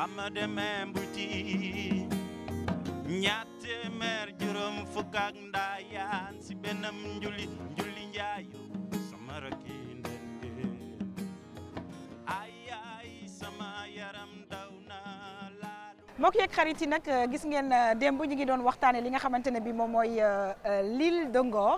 ba ma demee mbuti ñaar téeméer juróom fukk ak ndayan si benam njuli njuli njaayu sama rakki ndenge ay ay sama yaram dawna na mbokk yeeg xarit nak euh, gis ngeen euh, dembu ñu ngi doon waxtane li nga xamantene bi mom moy euh, l'île de Ngor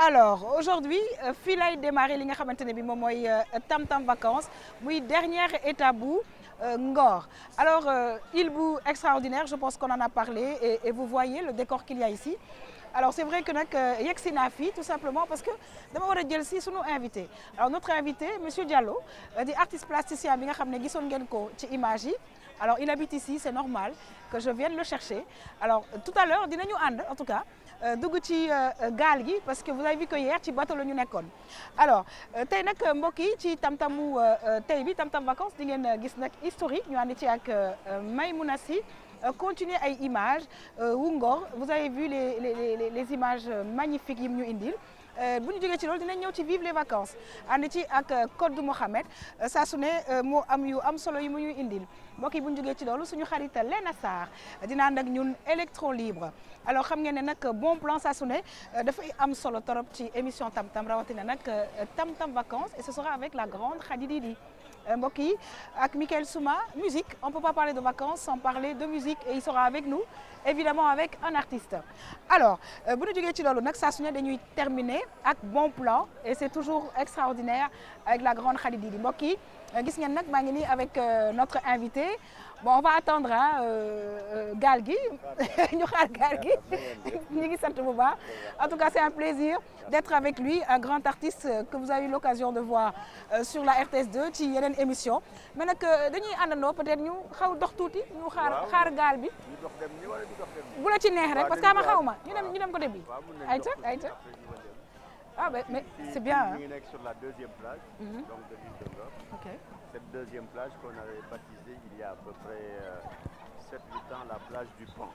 alors aujourd'hui fii lay démarrer li nga xamante bi moom mooy Tam Tam Vacances muy dernière étape où euh, Ngor. Alors, euh, il bout extraordinaire, je pense qu'on en a parlé et, vous voyez le décor qu'il y a ici. Alors c'est vrai que nous avons une tout simplement parce que nous avons une jël si invité alors notre invité monsieur Diallo euh, dit artiste plasticien bi nga xam alors il habite ici c'est normal que je vienne le chercher alors tout à l'heure dinañu ande en tout cas euh, Dougouti ci euh, gi parce que vous avez vu que hier ci bateau la ñu nekkoon alors euh, tay nak mbokk yi ci tamtamou tamu tey bi tamtam en vacances di ngeen gis nak historique ñu ànd ci ak Maïmouna Sy continuer ay images wu Ngor vous avez vu les les les images magnifiques yim ñu indil euh, bu ñu jógee ci loolu ñëw ci vivre les vacances ànd ci ak euh, code Mohamed euh, saa su ne moo am yu am solo yi mu ñuy indil mbokk yi bu ñu jógee ci loolu suñu xarit Lena Sarr dina ànd ñun électro libre alors xam ngeen ne nag bon plan sa su ne dafay am solo torop ci émission tam tam rawatina nak tam tam vacances et ce sera avec la grande Khady Didi mbokk ak Michael Souma musique on peut pas parler de vacances sans parler de musique et il sera avec nous évidemment avec un artiste alors si euh, ñu y ci loolu nag que bon plan et c'est toujours extraordinaire avec la grande Khalidi qui, Je un avec euh, notre invité bon on va attendre ah gaal gi ñu xaar en tout cas c'est un plaisir d'être avec lui un grand artiste que vous avez eu l'occasion de voir euh, sur la RTS2 ci une émission mais nag euh, dañuy àndandoo peut-être ñu xaw dox tuuti ñu xaar xaar gaal bi bu la ci neex rek parce que ama xaw ma ñu dem ñu dem côté bi ayca ayca ah mais c'est bien hein. Mmh cette deuxième plage qu'on avait baptisée il y a à peu près 7-8 euh, ans, la plage du Pont.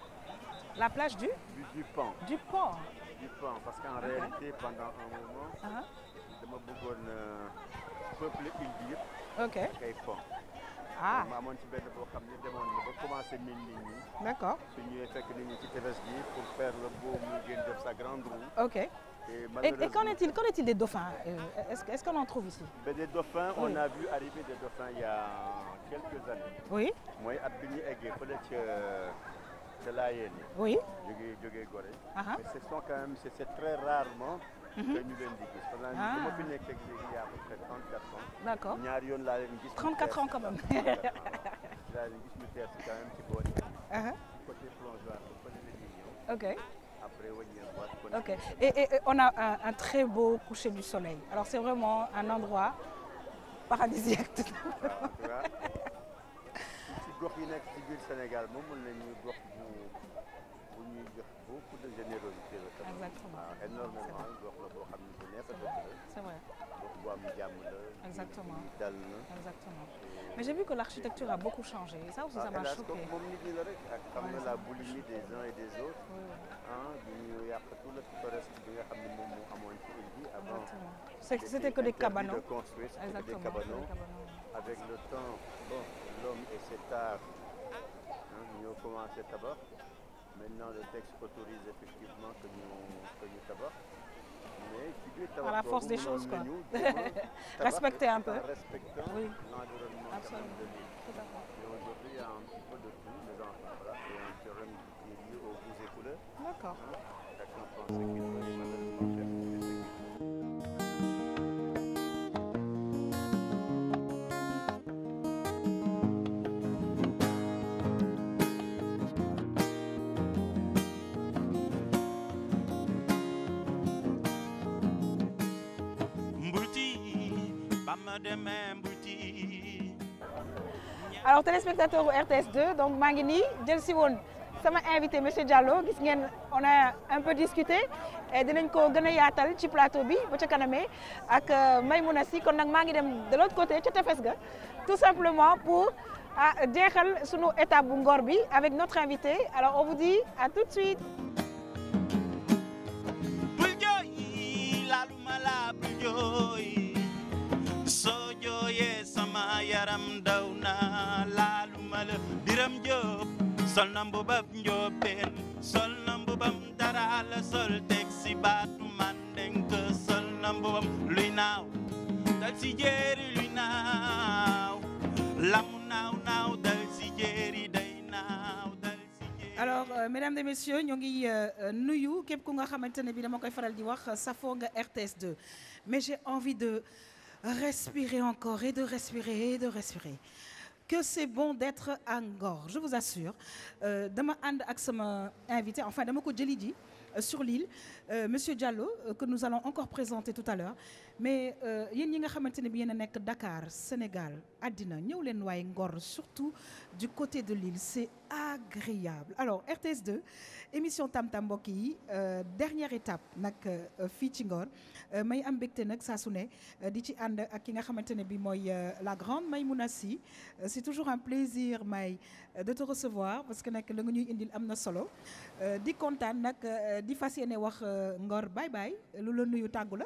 La plage du Du, Pont. Du Pont. Du Pont, parce qu'en réalité, pendant un moment, uh -huh. je me de peuple une ville, ok kay Pont. ah ma tu ci benn boo xam ne demoon commencer D'accord. les pour faire le beau mouvement de sa grande roue. ok et, et qu'en est-il qu'en est-il des dauphins euh, Est-ce est qu'on en trouve ici ben, Des dauphins, on a vu arriver des dauphins il y a quelques années. Oui. Moi, à suis venu peut-être euh, Oui. Je suis Goré. Mais ce sont quand même, c'est très rarement mhm. que nous venons d'Igis. Parce que je suis ah. il y a à peu près 34 ans. D'accord. 34 ans quand même. Là, l'Igis, c'est quand même petit peu. Ah ah. Côté plongeoir, côté Ok. Ok. Et, on a un, très beau coucher du soleil. Alors c'est vraiment un endroit paradisiaque beaucoup de générosité exactement ah, énormément exactement mais j'ai vu que l'architecture a beaucoup changé ça aussi ça ah, m'a choqué. Ah, la boulimie des uns et des autres. c'était que des cabanons des avec le temps l'homme et cet art avons commencé d'abord Maintenant, le texte autorise effectivement que nous, prenions tabac. Mais à la force des choses, quoi. Respecter un peu. oui. l'environnement de l'île. Et aujourd'hui, il y a un petit peu de tout, les il y a un théorème qui est lié aux goûts et couleurs. D'accord. Hein, alors téléspectateurs RTS2 donc Mangini ngi ça m'a invité monsieur Diallo on a un peu discuté et de ko gën a yaatal ci plateau bi ba ca kanamee ak euh, Maymouna Sy kon de l'autre côté tout simplement pour dire ah, sur étape bu avec notre invité alors on vous dit à tout de suite man daw naa laaluma la Biram Jóob sol na mbubam njoobeen sol na mbubam dara la sol taxi si baatu man denk sol na mbubam luy naaw dal si jéeri luy naaw lamu naaw naaw dal si jéeri day naaw dal si jéeri alors euh, mesdames et messieurs ñoo ngi euh, euh, nuyu kep ku nga xamantene bi dama koy faral di wax safoo nga RTS 2 mais j'ai envie de Respirer encore et de respirer et de respirer. Que c'est bon d'être encore. Je vous assure. Demain, Anne ma invité, enfin, Demoko Djelidi, euh, sur l'île, euh, Monsieur Diallo, euh, que nous allons encore présenter tout à l'heure mais euh, yéen ñi nga xamante bi yéen Dakar Sénégal àddina ñëw leen waaye Ngor surtout du côté de l'île c'est agréable alors RTS2 émission Tam Tam mbokk euh, dernière étape nak euh, fii ci Ngor may am mbégte nag saa su di ci ànd ak nga bi mooy la grande Maïmouna Sy c'est toujours un plaisir May de te recevoir parce que nak la nga ñuy indil Amna solo di kontaan nag di fas wax Ngor bye bye lu la nuyu tàggu la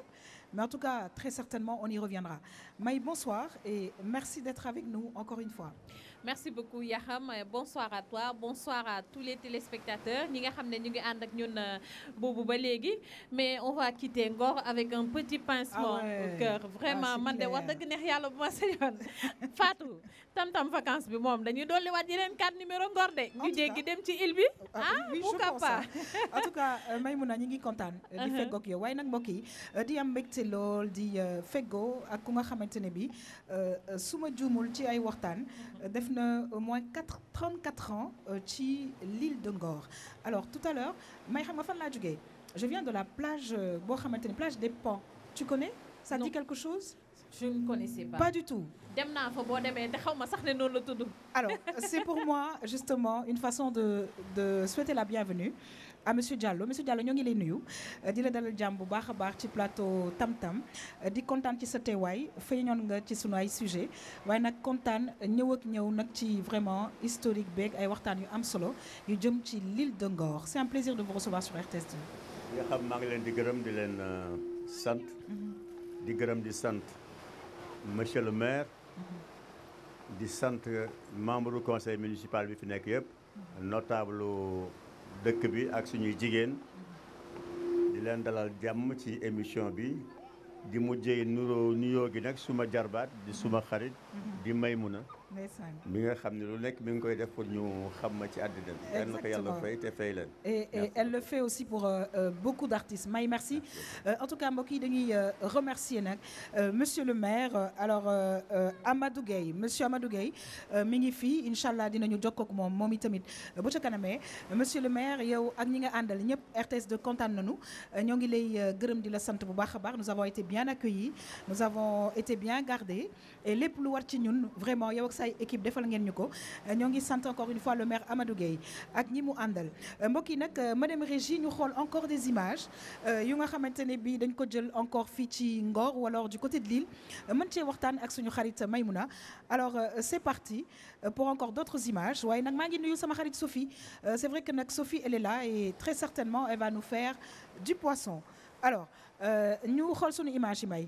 mais en tout cas, très certainement, on y reviendra. Maï, bonsoir et merci d'être avec nous encore une fois merci beaucoup Yaham. Euh, bonsoir à toi bonsoir à tous les téléspectateurs ñi nga xam ne ñu ngi ànd ak ñun euh, boobu ba léegi mais on va quitter Ngor avec un petit pincement ah au cœur vraiment ah, man de wax dëgg neex yàlla bu ma Fatou tam-tam vacances bi moom dañuy dolli waat yeneen carte numéro Ngor de ñu jéggi dem ci île bi ah, ah pourquoi pas hein. en tout cas euh, Maymouna ñi ngi kontaan di uh-huh. feggoog yow waaye nag mbokk yi di am mbégte lool di feggoo ak ku nga ne bi su ma juumul ci ay waxtaan au moins 34 ans euh, l'île de Ngor alors tout à l'heure je viens de la plage euh, plage des Pans tu connais ça dit quelque chose Je ne connaissais pas. Pas du tout. Alors, c'est pour moi, justement, une façon de souhaiter la bienvenue à monsieur Diallo monsieur Diallo nous lay nuyu euh, di la dalal bu plateau Tam Tam euh, di nous ci sa sujet way nak contane ñëw ak ci vraiment historique ay waxtaan yu am solo yu jëm l'île de c'est un plaisir de vous recevoir sur RTS2. di gërëm di leen euh, mm-hmm. di gërëm di sante monsieur le maire. Mm-hmm. membre du conseil municipal bi fi mm-hmm. notable. dëkk bi ak suñuy jigéen di leen dalal jàmm ci émission bi di mujjee nuroo nuyoo gi nag suma jarbaat di suma xarit Mhm. di Maymuna mi nga xam ne lu nekk mi ngi koy def pour ñu xam ma ci àddina bi. exactement ko yàlla fay te fay leen. et elle le fait aussi pour euh, euh, beaucoup d'artistes May merci euh, en tout cas mbokk yi dañuy remercier nag monsieur le maire alors Amadou Gueye monsieur Amadou Gueye mi ngi fii incha allah dinañu jokkoo ak moom moom itamit bu ca kanamee monsieur le maire yow ak ñi nga àndal ñëpp RTS de contane nañu ñoo ngi lay gërëm di la sant bu baax a baax nous avons été bien accueillis nous avons été bien gardés et les lu war ci ñun vraiment yow ak say équipe defal ngeen Nous ko euh, encore une fois le maire Amadou Gueye ak ñi mu àndal euh, mbokk yi euh, madame Régie nous xool encore des images yu nga encore bi dañ ko jël encore fii ci Ngor ou alors du côté de Lille mën cee waxtaan ak suñu xarit Maymouna alors c'est parti pour encore d'autres images Nous avons maa ngi nuyu Sophie c'est vrai que Sophie elle est là et très certainement elle va nous faire du poisson alors nous avons suñu image images.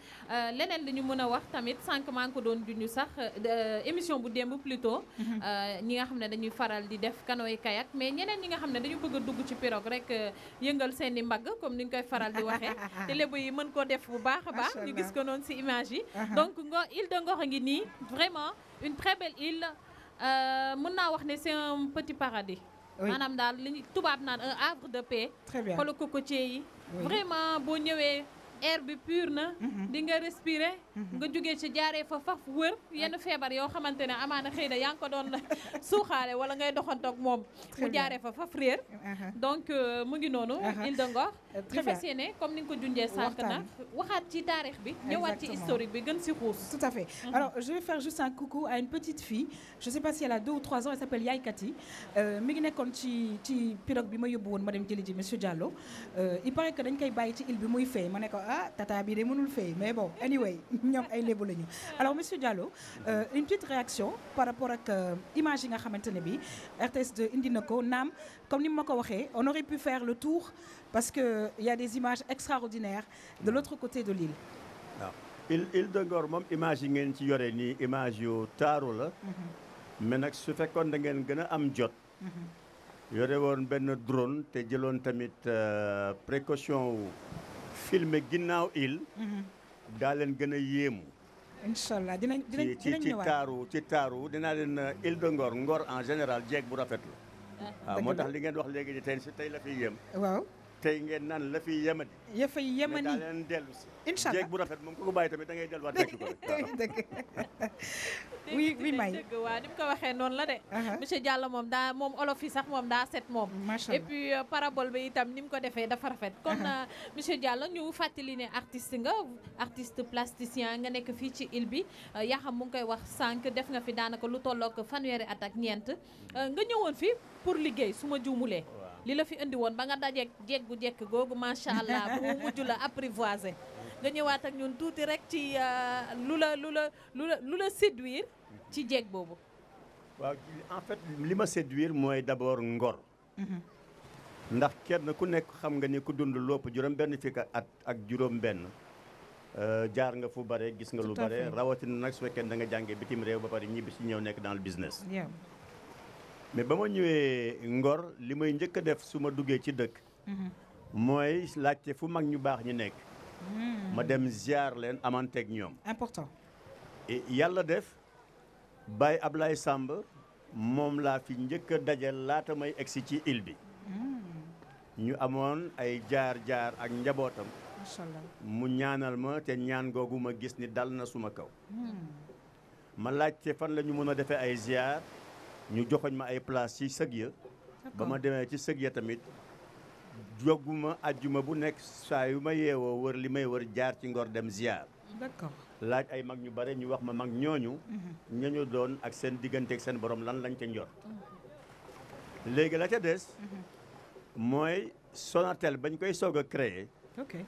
Euh, leneen li ñu mën a wax tamit sànq maa ngi ko doon junj sax euh, euh, émission bu démb plutôt. Mhm. ñi nga xam ne dañuy faral di def canoë kayak mais ñeneen ñi nga xam ne dañu bëgg a dugg ci pirog rek yëngal seen i mbagg comme ni ñu koy faral di waxee. te lébu yi mën koo def bu baax a baax. ñu gis ko noonu si image yi. donc ngo île de Ngor ngi nii vraiment une très belle île mën naa wax ne c'est un petit paradis. maanaam daal li tubaab naan un havre de paix. très bien cocotier yi. vraiment boo ñëwee air bi pur na mhm. di nga respirer mhm. nga jógee ci jaaree fa faf wër yenn feebar yo xamante amana xeyda yang ko don souxalé wala ngay doxantoog mom mu jaaree fa faf rër uh-huh. donc euh, mu ngi noonu Ile uh-huh. de Ngor ñu euh, fas comme ni nga ko junjee sànq na waxat ci taarix bi ñewat ci historique bi gën ci xuus tout à fait uh-huh. alors je vais faire juste un coucou à une petite fille je sais pas si elle a 2 ou 3 ans elle s'appelle Yaay Kati euh, mi ngi nekkoon ci ci pirog bi ma yobbu won ma dem jëli ji monsieur Diallo il paraît que dañ koy bayyi ci île bi muy fay mané ko ah tata bi de mënul fay mais bon anyway ñom ay lébu lañu alors monsieur Diallo euh, une petite réaction par rapport ak euh, image yi nga xamantene bi RTS2 indi nako nam comme ni ma ko on aurait pu faire le tour parce que il y a des images extraordinaires de l'autre côté de l'île ah, Il, il de Ngor mom image ngeen ci yoré ni image yo taru la mhm. mais nak su fekkoon da ngeen gëna am jot mhm. yoré won ben drone té jëloon tamit euh, précaution filmer ginnaaw il mhm. daa leen gën a yéemu incha allah dinañ dinañ ñëwaat ci taaru ci taaru dinaa leen il euh, de Ngor Ngor en général jeeg bu rafet la waaw ah, ah, moo tax li ngeen wax léegi tey si tey la fi yéem tay ngeen naan la fi yamadi ya fay yamani da len delu ci inshallah jeeg bu rafet mom ko baye tamit da ngay delu wat nek ko deug oui oui may deug wa dim ko waxe non la de uh-huh. monsieur diallo mom da mom olof sax mom da set mom et puis euh, parabole bi itam nim ko defé da rafet kon uh-huh. euh, monsieur diallo ñu fatali ne artiste nga artiste plasticien nga nek fi ci île bi ya xam mu koy wax sank def nga fi danaka lu tollok fanwéri at ñent nga ñëwon fi pour liggéey suma juumulé lila fi indi won ba nga dajeeg jeeg gu jekk ma sha allah bu mujju la apprivoiser nga ñëwaat ak ñun touti rek ci euh, lula lula lula la séduire ci jeeg bobu waaw en fait li ma séduire moy d'abord ngor. Mhm. ndax kenn ku nekk xam nga ni ku dund lopp juróom benn fi at ak juróom benn euh, jaar nga fu bare gis nga lu bare rawati nak su fekkee da nga jàngee bitim réew ba pare ñibbi si ñëw nekk dans le business. mais ba ma ñëwee Ngor li may njëkk a def su ma duggee ci dëkk. Mhm. mooy laajte fu mag ñu baax ñi nekk. Mhm. ma dem ziar leen amanteeg ñoom. important. yàlla def Baye Ablaye Samb moom laa fi njëkk a dajal laata may egsi ci île bi. Mhm. ñu amoon ay jaar jaar ak njabootam. macha mu ñaanal ma te ñaan googu ma gis ni dal na suma kaw. ma laajte fan lañu mën a defee ay ziar. ñu joxoñ ma ay place ci sëg ya ba ma demee ci sëg ya tamit joguma ajjuma bu nekk saa yu ma yeewoo wër li may wër jaar ci ngor dem ziar laaj ay mag ñu bare ñu wax ma mag ñooñu mhm. ñañu doon ak seen diggante ak seen boroom lan lañ ca njor léegi la ca des mhm. mooy Sonatel bañ koy soog a créé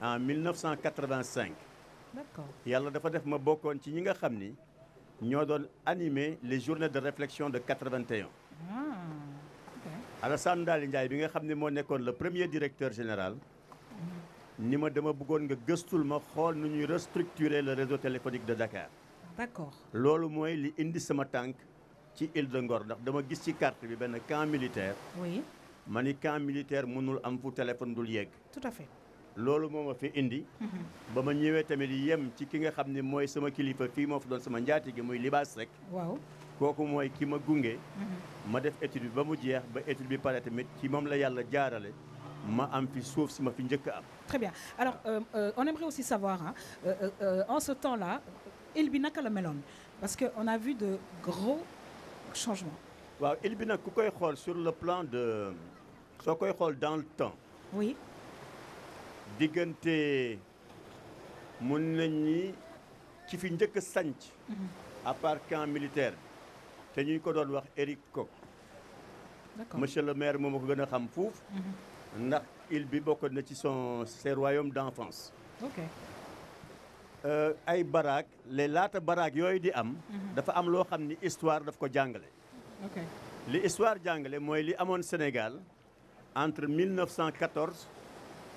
en 1985 d'accord yàlla dafa def ma bokkoon ci ñi nga xam ni Nous doon animé les journées de réflexion de 81. Ah, Alassane Ndaali Ndiaye bi nga xam le premier directeur général. ni ma dama que nga gëstul ma xool nu restructurer le réseau téléphonique de Dakar. d'accord loolu mooy li indi sama tank ci île de Ngor ndax dama gis ci carte bi camp militaire. oui ma camp militaire mënul am fu téléphone dul tout à fait loolu moma fi indi. ba ma ñëwee tamit yëm ci ki nga xamné moy sama kilifa fi moo fi doon sama gi moy libas rek. waaw kooku moy ki ma gungé mhm. ma def étude ba mu jeex ba étude bi pare tamit ci mom la yalla jaarale. ma am fi suuf si ma fi ñëkk am. très bien alors euh, euh, on aimerait aussi savoir hein, euh, euh, euh en ce temps-là île bi naka la meloon parce que on a vu de gros changements. waaw île bi nag ku koy xol sur le plan de so koy xol dans le temps. oui diggante mën nañ ni ci fi njëkk sanc mhm. à part camp militaire té ñu ko doon wax Eric Kock monsieur le maire moom ko gëna xam fouf mhm. ndax il bi bokk na ci son ses royaumes d'enfance ok euh, ay Barak, les lata baraag yoy di am mhm. dafa am lo xamni histoire daf ko jàngale ok li histoire jàngale moy li amone Sénégal entre 1914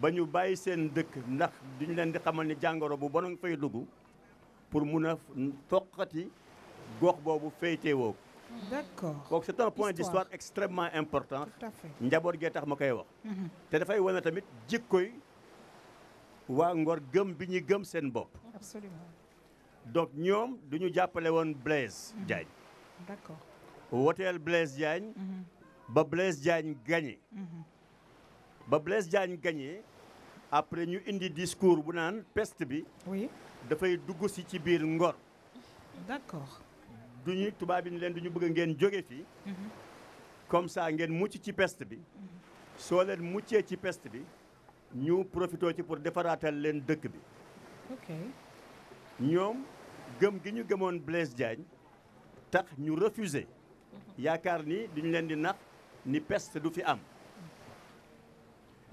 ba ñu bàyyi seen dëkk ndax duñu leen di xamal ni jàngoro bu bon fay dugg pour mun a toqati gox boobu féetewoo. woo donc c'est un point d'histoire extrêmement important. njaboot gee tax ma koy wax. Mhm. te dafay wane tamit jikkoy waa Ngor gëm bi ñuy gëm seen bopp. absolument. donc ñoom du ñu jàppale woon Blaise mhm. Diagne. d'accord woteel Blaise Diagne. Mhm. ba Blaise Diagne gagné. ba Blaise Diagne gagné après ñu indi discours bu naan peste bi. oui dafay dugg si ci bir Ngor. d'accord. du ñu tubaab yi ni leen du ñu bëgg ngeen jóge fii. Mhm. comme ça ngeen mucc ci peste bi. Mhm. soo leen muccee ci peste bi ñu profitoo ci pour defaraatal leen dëkk bi. ok ñoom gëm gi ñu gëmoon Blaise Diagne tax ñu refuser mhm. yaakaar ni duñ leen di nax ni peste du fi am.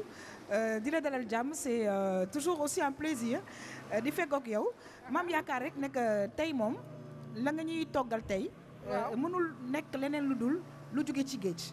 yow euh, di la dalal jàmm c'est euh, toujours aussi un plaisir euh, di feggoog yow maam yaakaar rek nekk tey moom la nga ñuy toggal tey mënul nekk leneen lu dul lu jóge ci géej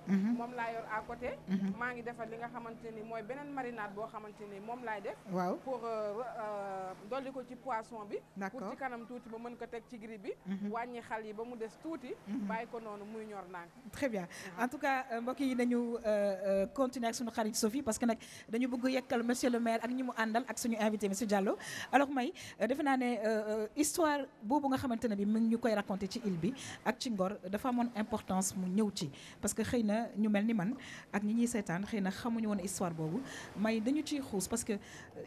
Mhm. moom la yor à côté. Mhm. maa ngi defar li nga xamante moy benen marinade bo xamante mom lay laay def. waaw pour euh, euh, dolli ko ci poisson bi. pour ci kanam touti ba mën ko tek ci gris bi. Mhm. wàññi xal yi ba mu dess touti bay ko noonu muy ñor naan. très bien en tout cas euh, mbok yi nañu euh continuer ak suñu xarit Sophie parce que nak dañu bëgg yekkal monsieur le maire ak ñimu andal ak suñu invité monsieur Diallo alors may defe na né histoire boobu nga xamante bi mu ngi koy raconter ci île bi ak ci Ngor dafa amone importance mu ñëw ci parce que ñu melni man ak ñi ñi sétane xëy xamuñu won histoire bobu may dañu ci parce que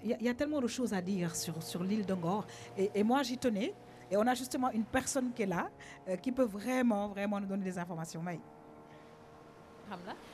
il y a tellement de choses à dire sur sur l'île de Ngor et, et moi j'y tenais et on a justement une personne qui est là euh, qui peut vraiment vraiment nous donner des informations may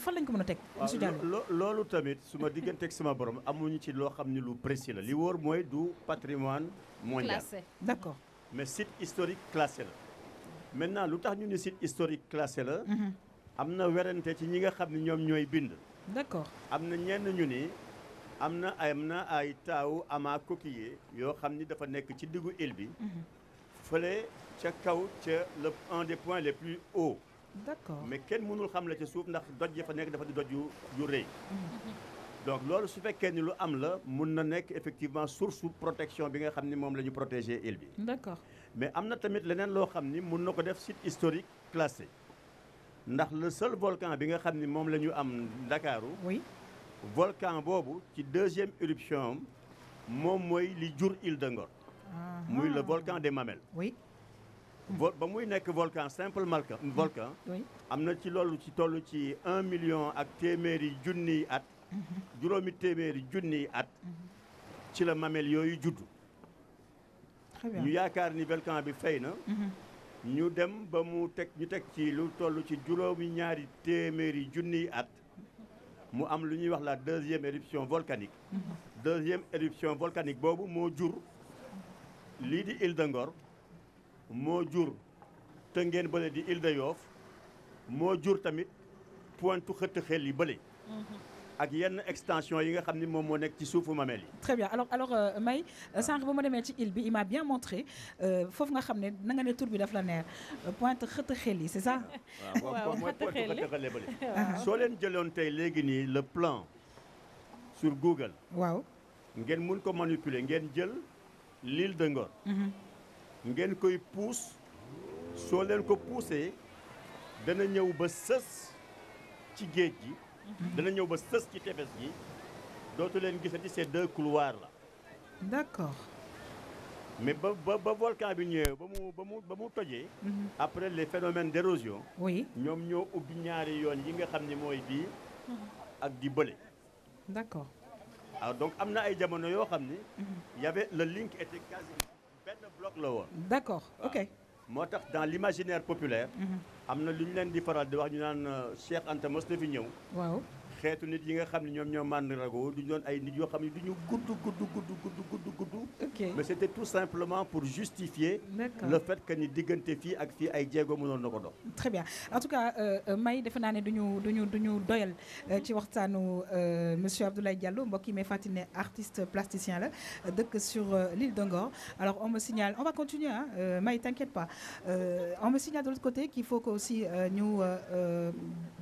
fan lañ ko mëna tek teg. monsieur Diallo tamit suma ma ak sama borom amuñu ci lo xamni lu précis la li wóor moy du patrimoine mondial classé d'accord mais site historique classé la. maintenant lutax ñu ni site historique classé la. Mhm. amna na ci ñi nga xam ne bind. d'accord amna ñenn ñu ni amna amna ay taawu ama coquiller yo xamni dafa nekk ci digu île bi. Mhm. feulé ca kaw ca le un des points les plus hauts d'accord mais quel mënul xam la ca suuf ndax doj ya fa dafa di doj yu donc lors su fait ni lu am la mun effectivement source protection bi nga xam ni moom protéger île bi. d'accord mais am tamit leneen loo xam ni mun na def site historique classé ndax le seul volcan bi nga xam ni moom am Ndakaaru. oui volcan Bobu, ci deuxième éruption am moom il li jur île de Ngor. Ah. le volcan des Mamelles. oui ba volcan simple mhm. volcan Amna ci ci un million ak téméri jouni at mhm. juromi téméri juni at mhm. ci la mamel Très bien. ñu yaakaar ni volcan bi feyna. ñu dem ba mu ñu ci at mu am la deuxième éruption volcanique deuxième éruption volcanique bobu mo moo jur de di de Yoff tamit pointu l'île de mm-hmm. ak yenn extension yi nga très bien alors alors euh, May ah. il m'a bien montré euh, euh, pointe c'est ça. Ah, waaw mooy ah. le plan sur Google. Wow. manipuler l'île de Ngor. Mm-hmm ngeen koy pousse soo leen ko puusee dana ñëw ba sës ci géej gi mhm. dana ñëw ba sës ci tefes gi dootu leen gisati ces deux couloirs la d'accord mais ba ba ba volcan bi ñëwee ba mu ba mu ba mu tojee mhm. après les phénomènes d'érosion oui ñoom ñoo ubbi ñaari yoon yi nga xam ne mooy bii mhm. ak di bële d'accord alors donc am na ay jamono yoo xam ne y avait le link était quasi bloc d'accord ok. Moi, dans l'imaginaire populaire. Mhm. am na lu ñu leen di faral di wax ñu naan euh, Cheikh Anta xeetu nit yi nga xam ne ñoom ñoo màndargoo duñ doon ay nit yoo xam ne du ñu gudd gudd gudd gudd gudd gudd mais c'était tout simplement pour justifier le fait que ni diggante fii ak fii ay jéego mënoon na ko dox très bien en tout cas euh, euh, may defe naa ne duñu duñu duñu doyal euh, ci waxtaanu monsieur Abdoulaye Diallo mbokk yi may fàttali ne artiste plasticien la dëkk sur l'île de Ngor alors on me signale on va continuer ah may t'inquiète pas on me signale de l'autre côté qu'il faut que aussi ñu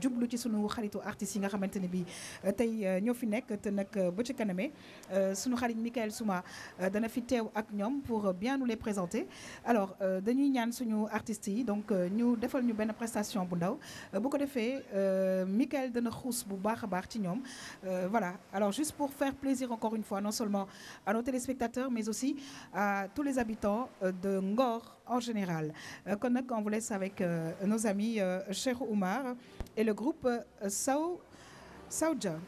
jublu ci sunu xaritu artistes yi nga xamante ni bi euh, euh, euh, Michael Souma pour bien nous les présenter alors nous ñaan suñu artistes donc nous defal ñu bonne prestation bu ndaw bu ko Michel Michael dana xuus bu voilà alors juste pour faire plaisir encore une fois non seulement à nos téléspectateurs mais aussi à tous les habitants de Ngor en général kon on vous laisse avec nos amis cher Oumar et le groupe Sao Saúde.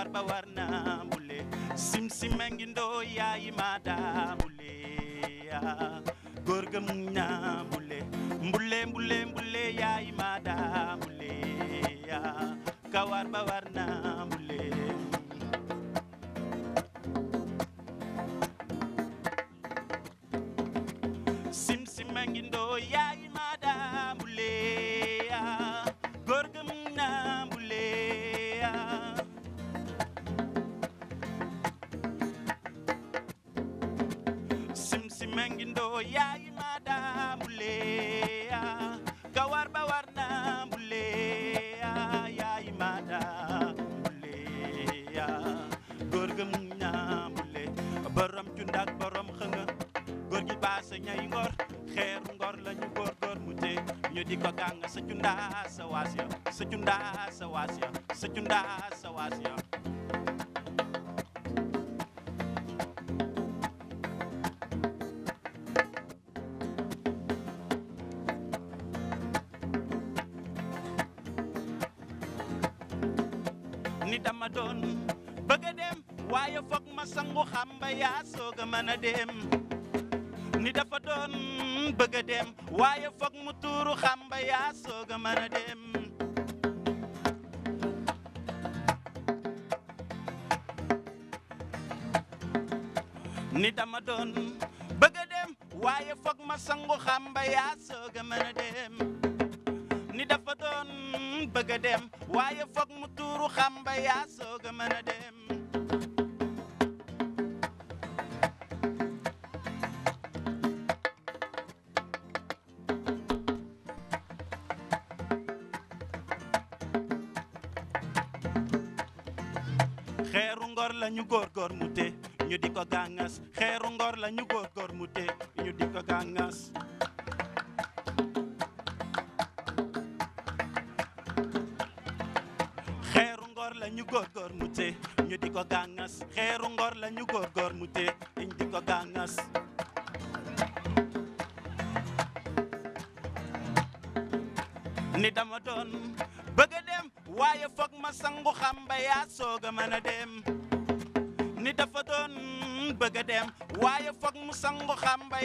warba warna mbule simsima ngi ndoo yaayi maada mbule ah. góor ga muñ na mbule mbule mbule mbule yaayi maada mbule ah. ka warba warna mbule simsima ngi ndoo yaayi yayi mada kawar kawarba warna muleya yayi mada muleya gorgum na mule borom jundak borom xanga gorgi basse ñay ngor xeer ngor lañu gor gor muté ñu diko ganga sa junda sa wasia sa junda sa wasia sa junda sa wasia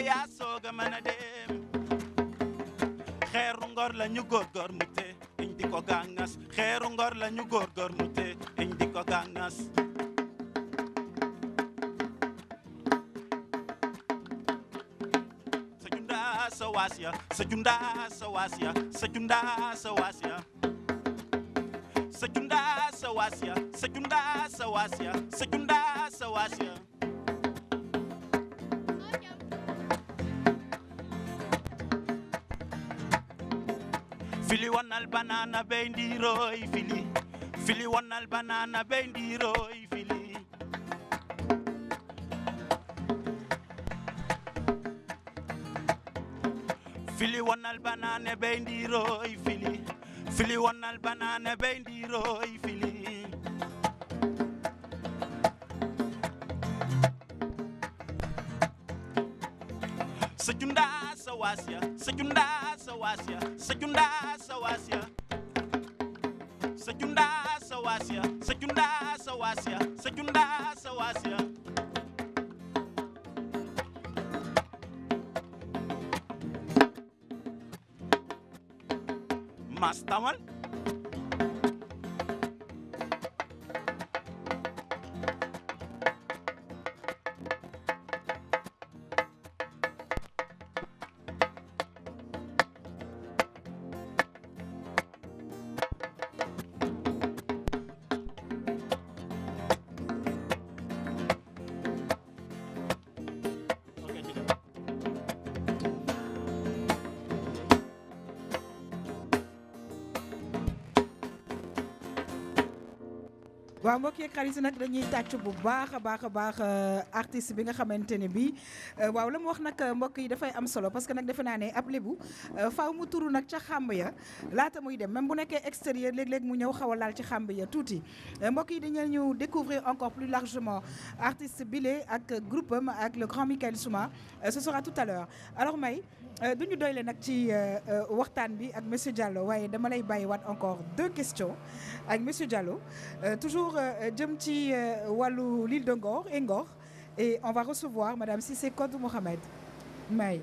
yaa sooga mën a dem xeeru ngor la ñu góorgóor mu te indi ko gàngas xeeru ngor la ñu góorgóor mu te indi ko gàngas sa junda ya sa junda ya sa junda ya sa junda ya sa junda ya banana be ndiroy fili fili wonal banana be ndiroy fili fili wonal banana be ndiroy fili fili wonal banana be ndiroy fili Sejunda sawasya, sejunda sawasya, sejunda sawasya. Sejunda sawasia sejunda sawasia sejunda sawasia Mas Taman waaw mbokk yeeg xarit yi nag dañuy tàcc bu baax a baax a baax euh, artiste bi nga xamante ne bii euh, waaw la mu wax nak euh, mbokk yi dafay am solo parce que nag defe naa ne ab lébu faaw mu turu nag ca xàmb ya laata muy dem même bu nekkee extérieur léeg-léeg mu ñëw xaw a laal ci xàmb ya tuuti mbokk yi dañu ñu découvrir encore plus largement artiste bile ak groupe am ak le grand Michael Souma ce sera tout à l'heure alors May euh, du ñu doyle nag ci euh, euh, waxtaan bi ak monsieur Diallo waaye dama lay bàyyiwaat encore deux questions ak monsieur Diallo toujours jëm ci wàllu l'île de Ngor et et on va recevoir madame Cissé Kodou Mohamed May.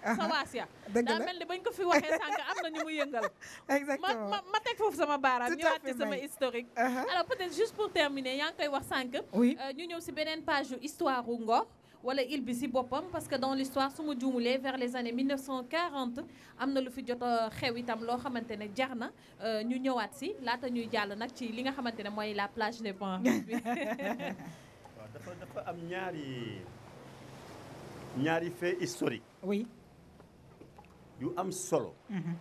sawaas ah, Da daa mel ni bañ ko fi waxee sank am na ñu mu yëngal exactement ma ma tek fofu sama baram ñëwaat ci sama historique uh-huh. alors peut-être juste pour terminer yaa koy wax sank. Euh, ñu ñëw ci benen page yu histoire wu Ngor wala il bi si boppam parce que dans l'histoire su ma juumulee vers les années 1940 am na lu fi jot xew itam loo xamante ne jar na euh, ñu ñëwaat si laata ñuy jàll nag ci li nga xamante ne mooy la plage des Pins waaw dafa dafa am ñaari ñaari fait historique oui yu am solo. Mhm.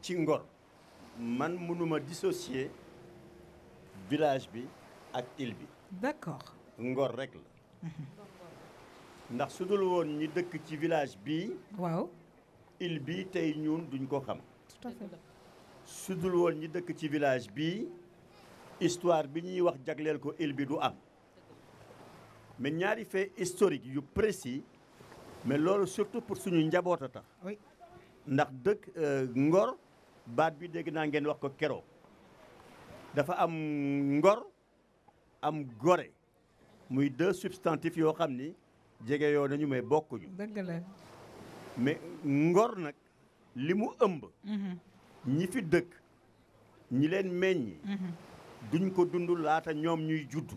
ci Ngor man mënuma dissocier village bi ak île bi. d'accord Ngor rek la. Mhm. ndax sudul won ñi dëkk ci village bi waaw île bi tey ñun duñ ko xam. tout à fait sudul won ñi dëkk ci village bi histoire bi ñuy wax jagleel ko île bi du am mais ñaari fait historique yu précis mais loolu surtout pour suñu njabota a tax. ndax euh, ngor baat bi dégg na ngeen wax ko kéro dafa am ngor am gore muy deux substantifs yo xamni ni jege yoo nañu mais bokkuñu. dëgg la mais ngor nak limu mu ëmb. Mhm. ñi fi dëkk ñi leen meññi. Mhm. duñ ko dund laata ñuy juddu.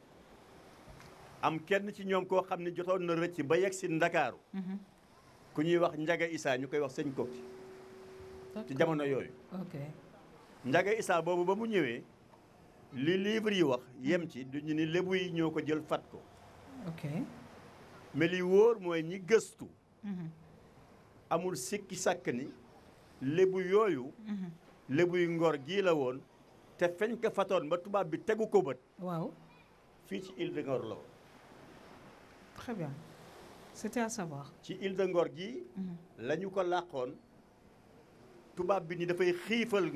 am kenn ci ñom ko xamni ne na recc ba yegg si ndakaaru mhm. ku ñuy wax njaga Isa ñukay wax señ ko ci jamono ok njaga isa bobu ba mu ñewé li livre yi wax yem ci du ñu ni lebu yi ñoko jël fat ko ok mais li wóor ñi gëstu mhm. amul sikki sak ni lebu yoyu mhm. lebu yi ngor gi la won te feñ ka fatoon ba tuba bi teggu ko beut waw fi ci île de Ngor la très bien c'était à savoir. ci île de Ngor gi mhm. lañu ko làqoon tubaab bi ni fay xifal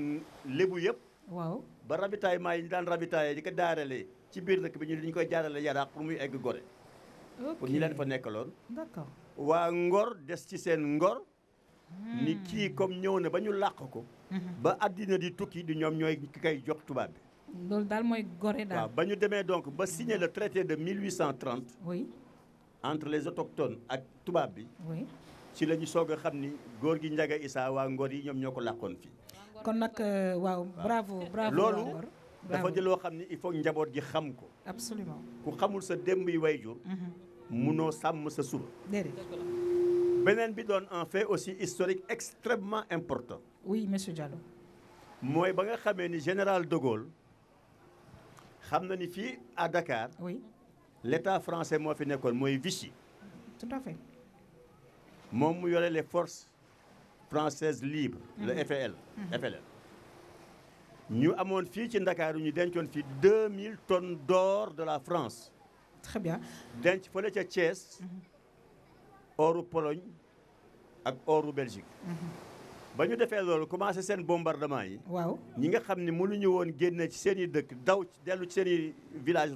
lebu yëpp. waaw ba ravitaillement yi ñu daan rabitaay di ko daaralé ci biir nak bi ñu dañu koy jaarale yaraax pour muy egg Gorée. pour ñi leen fa nekkaloon. d'accord Wa Ngor des ci sen Ngor. Hmm. ni ki comme ñëw na ba ñu làq ko. Mhm. ba àddina di tukki di ñoom ñooy ki kay jox tubaab bi. loolu daal mooy Gorée daal. waaw ba ñu demee donc ba signer le traité de 1830. oui entre les autochtones ak tubaab bi. ci la ñu soog a xam ni góor gi Issa waa Ngor yi ñoom ñoo ko làqoon fii. kon nag euh, waaw bravo bravo. loolu dafa di loo xam ni il faut njaboot gi xam ko. absolument ku xamul sa démb yi wayjur. Mhm. munoo sàmm sa suba. beneen bi doon en fait aussi historique extrêmement important. oui monsieur Diallo. mooy ba nga xamee ni général de Gaulle xam ni fi à Dakar. oui l'état français moo fi nekkoon Vichy. tout à fait. Moi a les forces françaises libres. le mm-hmm. FL. Mm-hmm. FLN. ñu fait ci Dakar, 2000 tonnes d'or de la France. très bien. denc fële ca Thiès. Mm-hmm. oru Pologne ak oru Belgique. ba ñu defee commencé ce bombardement yi. waaw ñi nga xam ne villages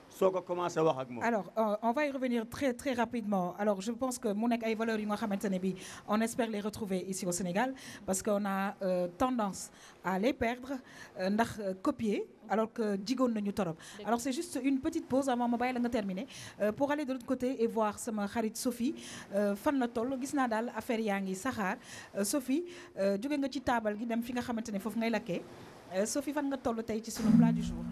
alors euh, on va y revenir très très rapidement alors je pense que Mounek nekk ay valeurs nga on espère les retrouver ici au Sénégal parce qu'on a euh, tendance à les perdre à euh, euh, copier alors que digone nañu torop alors c'est juste une petite pause avant ma bàyyi la nga terminer pour aller de l'autre côté et voir sama Sophie fan la toll gis affaire Sophie jóge nga ci table gi dem fi nga Sophie fan nga Taïti, c'est le plat du jour.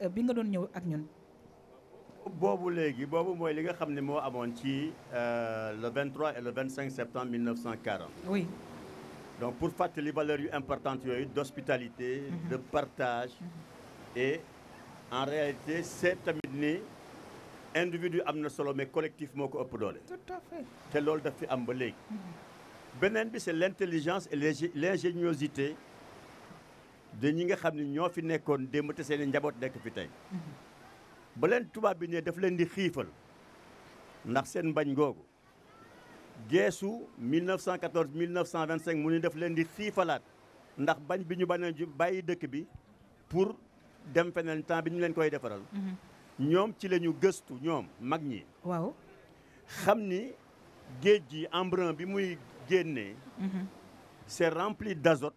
Euh, bi nga doon ñëw ak ñun. boobu léegi boobu mooy li nga euh, le 23 et le 25 septembre 1940. oui. donc pour les valeurs yu importantes yooyu d'hospitalité. Mm-hmm. de partage. Mm-hmm. et en réalité c'est tamit ni individu am na solo mais collectif moo ko ëpp doole. tout à fait te loolu daf fi am ba léegi. Mm-hmm. c'est l'intelligence et l'ingéniosité de ñi nga xam ne ñoo fi nekkoon démb te seen i njaboot nekk fi tey mhm. ba leen tubaab bi de daf leen di xiifal ndax seen 1914 1925 mu ni daf leen di xiifalaat ndax bañ bi ñu pour dem feneen temps bi ñu leen koy defaral mhm. ñoom ci la gëstu ñoom mag ñi d'azote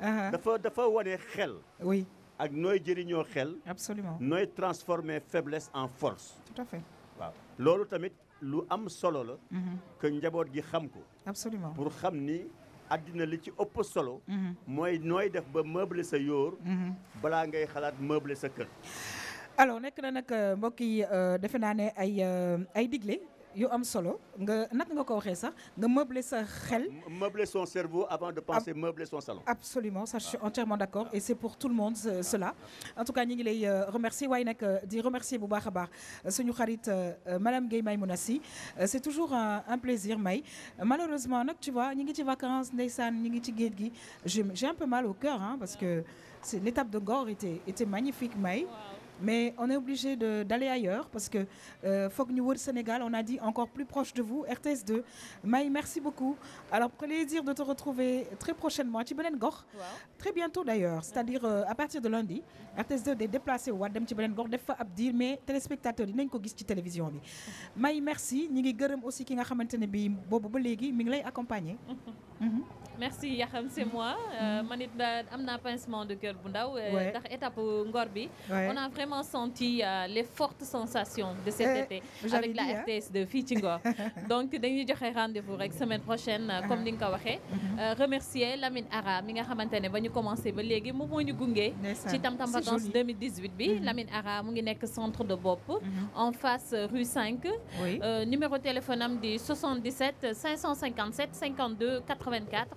Uh-huh. dafa dafa wane xel. oui ak nooy jëriñoo xel. absolument nooy transformer faiblesse en force. tout à fait waaw loolu tamit lu am solo la. Mm-hmm. que njaboot gi xam ko. absolument pour xam ni. àddina li ci ëpp solo. Mm-hmm. mooy nooy def ba meubler sa yóor. Mm-hmm. balaa ngay xalaat meubler sa kër. alors nekk na nag euh, mbokk yi euh, defe naa ne ay euh, ay digle yu am solo nga nag nga ko waxe sax nga meubler sa xel. Ah, meubler son cerveau avant de penser meubler son salon. absolument ça je suis ah. entièrement d'accord et c'est pour tout le monde ah. cela en tout cas ñi ngi lay euh, remercier way n'ak, euh, di remercier bu baax baax euh, suñu xarit madame gay May Mounassi c'est toujours un plaisir May malheureusement nak tu vois ñi ngi ci vacances des ñi ngi ci j'ai un peu mal au cœur hein parce que c'est l'étape de Gore était était magnifique May mais on est obligé d'aller ailleurs parce que euh, Fog New World Sénégal, on a dit encore plus proche de vous, RTS2. Maï, merci beaucoup. Alors, plaisir de te retrouver très prochainement. à Gor, très bientôt d'ailleurs, c'est-à-dire euh, à partir de lundi, RTS2 est déplacé au Wadem Tibelen Gor, des fois Abdir, mais téléspectateurs, ils n'ont pas télévision. Maï, merci. Nous sommes aussi qui nous accompagnés. merci Yachem, c'est moi. Je suis un pincement de cœur. Ndaw, euh, ouais. étape ngorbi. On a vraiment senti euh, les fortes sensations de cet eh, été avec la FTS hein. de Fichingo. donc nous rendez-vous la semaine prochaine euh, comme ni ah, ah. Euh, remercier Lamine Ara mi nga allons commencer commencer ba léegi Vacances 2018 La mm-hmm. Lamine Ara est au centre de Bop. Mm-hmm. en face rue 5 numéro de téléphone 77 557 52 84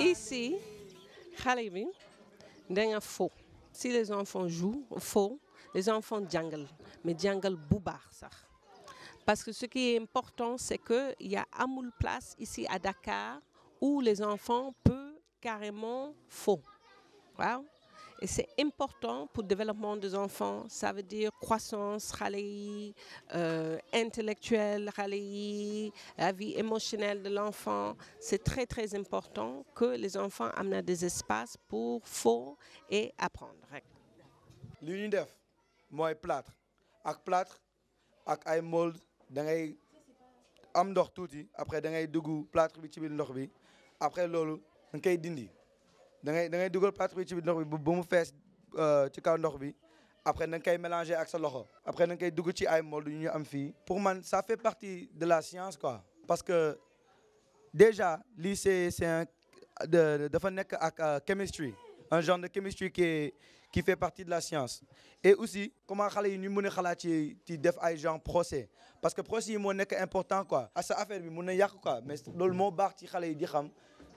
Ici, Khalibi, faux. Si les enfants jouent, faux, les enfants jungle, mais jungle boubar, ça. Parce que ce qui est important, c'est qu'il y a Amoul Place ici à Dakar où les enfants peuvent carrément faux. Et c'est important pour le développement des enfants. Ça veut dire croissance, euh, intellectuelle, la vie émotionnelle de l'enfant. C'est très, très important que les enfants amènent des espaces pour faux et apprendre. plâtre plâtre mold après plâtre après da ngay da ngay dugal plâtre bi ci ndox bi bu mu fees euh, ci kaw ndox bi après na nga mélanger ak sa loxo. après na nga koy ci ay mold ñu am fi pour man ça fait partie de la science quoi. parce que déjà lii c'est c'est un dafa nek ak euh, chemistry. un genre de chemistry qui est, qui fait partie de la science et aussi comment xalé yi ñu mëna a ci ci def ay genre procès parce que procès mo nek important quoi. à sa affaire bi mëna yak quoi mais loolu mo baax ci xale yi di xam.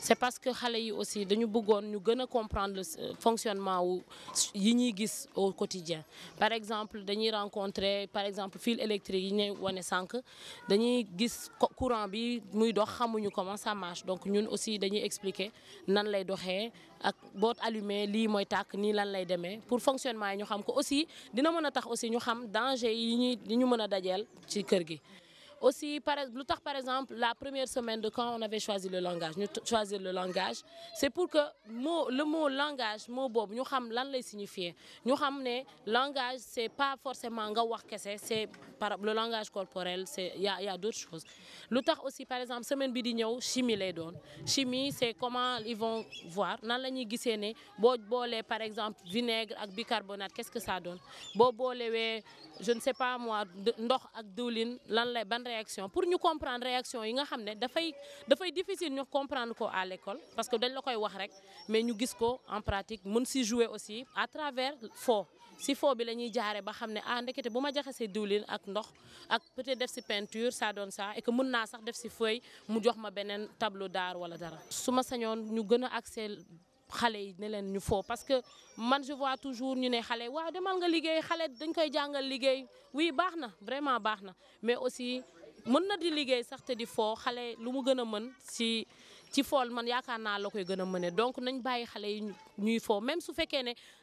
c'est parce que xale yi aussi dañu bëggoon ñu comprendre le euh, fonctionnement wu yi ñuy gis au quotidien par exemple dañuy rencontrer par exemple fil électrique yi ñu wane dañuy gis courant bi muy dox xamuñu comment ça marche donc ñun aussi dañuy expliquer nan lay doxé ak bot allumé li moy tak ni lan lay démé pour fonctionnement ñu xam ko aussi dina mëna tax aussi ñu xam danger yi ñuy ñu mëna dajel ci kër gi aussi, par, tard, par exemple, la première semaine de quand on avait choisi le langage. Nous choisir le langage, c'est pour que le mot langage, mot bob, nous savons ce signifie. Nous savons que langage, c'est pas forcément c'est le langage corporel, il y a, d'autres choses. Le aussi, par exemple, semaine bidigno, chimie les donne. Chimie, c'est comment ils vont voir. Nous avons vu par exemple, vinaigre avec bicarbonate, qu'est-ce que ça donne? Bobo, les je ne sais pas moi Ndokh ak diwlin lan lay ban réaction pour ñu comprendre réaction yi nga xam ne dafay dafay difficile ñu comprendre ko à l'école parce que dañ la koy wax rek mais ñu gis ko en pratique mën si jouer aussi à travers foo si foo bi lañuy ñuy ba xamné ah ndekete buma jaxé jaxasee diwlin ak ndox ak peut-être def ci peinture ça donne ça et que mën na sax def ci feuille mu jox ma benen tableau d'art wala dara suma ma ñu gëna accès xale yi ne leen ñu foo parce que man je vois toujours ñu ne xale waaw demal nga liggéey xale dañ koy jàngal liggéey oui baax vraiment baax mais aussi mën na di liggéey sax te di foo xale lu mu gën a mën si ci fool man yaakaar naa la koy gën a mëne donc nañ bàyyi xale ñuy foo même su fekkee ne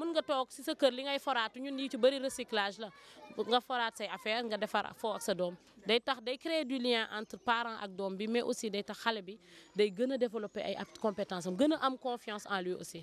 mën nga toog si sa kër li ngay foraatu ñun ni ci bëri recyclage la nga foraat say affaire nga defar foo ak sa doom day tax day créer du lien entre parent ak doom bi mais aussi day tax xale bi day gën a développer ay compétences am gën a am confiance en lui aussi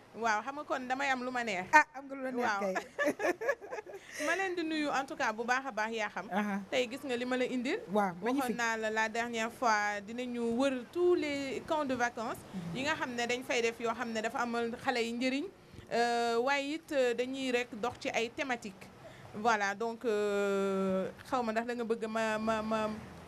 Wow, xam nga kon damay am lu ah am nga en tout cas bu a baax xam. gis nga la la dernière fois dinañu wër tous les camps de vacances. Mhm. yi nga xam des dañ fay def des xam ne dafa des yi des euh, it euh, dañuy rek dox thématiques. voilà donc je euh,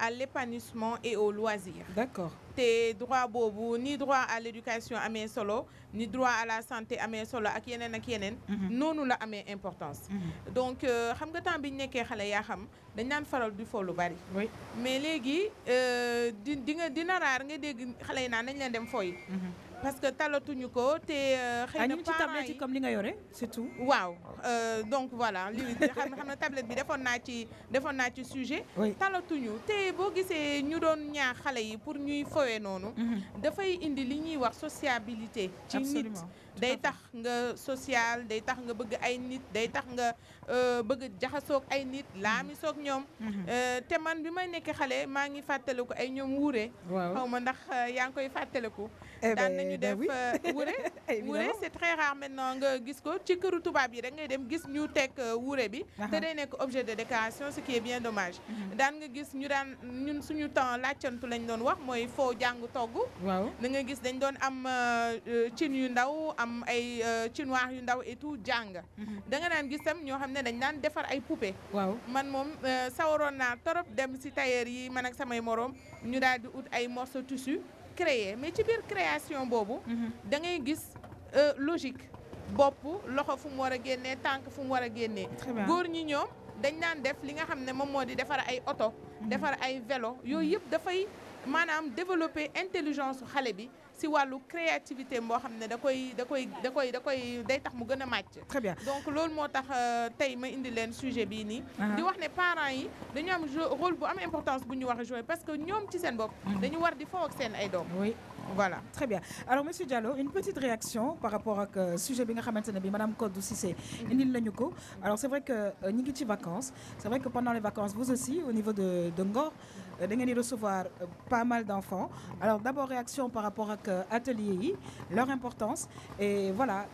à l'épanouissement et aux loisirs. D'accord. tes droit bobo, ni droit à l'éducation mes solo ni droit à la santé à solo ak ak mhm. la importance. Mhm. donc euh, xam nga que xam dañ du mais euh, parce que talatuñu ko te euh, xëy na ah, ci tablette yi comme li nga yoré c'est tout waaw euh, donc voilà li xamna tablette bi defoon naa ci defoon naa ci sujet talatuñu té bo gisee ñu doon ñaar xalé yi pour ñuy nonu mhm. da fay indi li ñuy wax sociabilité ci nit day tax nga social day tax nga bëgg ay nit day tax nga euh, bëgg jaxassok ay nit laami ñom mhm. euh té man bi nekk xalé ma ngi ko ay ñom wuré xawma ndax euh, yaa ngi koy ko eh ben, daan nañu eh ben def wuré euh, wuure c'est très rare maintenant nga gis ko ci keuru tubaab bi rek ngay dem gis ñu tek wuré bi té day nekk objet de décoration ce qui est bien dommage mhm. daan nga gis ñu daan ñun suñu temps làccantu lañ doon wax moy fo jàng togg da nga gis dañ doon am cin yu ndaw am ay noir yu ndaw et tout jang mhm. da nga naan gis tam ñoo xam ne dañ daan defar ay poupée waaw man mom euh, sawaron na torop dem ci tailleur yi man ak samay morom ñu dal di out ay morceau tissu créer mais ci bir création bobu mhm. da ngay gis euh, logique bop loxo fu mo wara génné tank fu mo wara génné génnee ñi ñom dañ nan def li nga xamné mom modi moo defar ay auto mhm. defar ay vélo yooyu da fay manam développer intelligence xalé bi si wàllu créativité da koy da koy da koy da koy day tax mu très bien donc lool motax euh, tay ma indi len sujet bi ni ah ah. di wax ne parents yi dañu am rôle bu am importance bu ñu wax jouer parce que ñom ci seen bop mm. dañu war di fook ak seen ay doom. oui voilà très bien alors monsieur Diallo une petite réaction par rapport ak euh, sujet bi nga xamantene bi madame Kodou Cissé. Mm-hmm. indi lañu ko alors c'est vrai que euh, ñi ngi ci vacances c'est vrai que pendant les vacances vous aussi au niveau de de Ngor. Euh, da ngeen di recevoir euh, pas mal d'enfants. alors d'abord réaction par rapport ak euh, atelier leur importance et voilà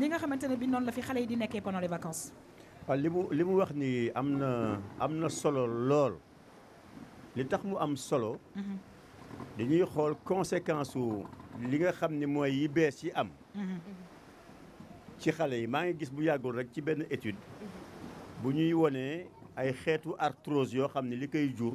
ni nga xamante ne bi noonu la fi xale yi di nekkee pendant les vacances. waaw li mu li mu wax ni am na solo lol. li tax mu am solo. Mhm. dañuy xool conséquence su li nga xam ne mooy yi bees yi am. Mhm. ci xalé yi maa ngi gis bu yàggul rek ci benn étude mhm. bu ñuy wone ay xeetu arthrose yoo xam ne li koy jur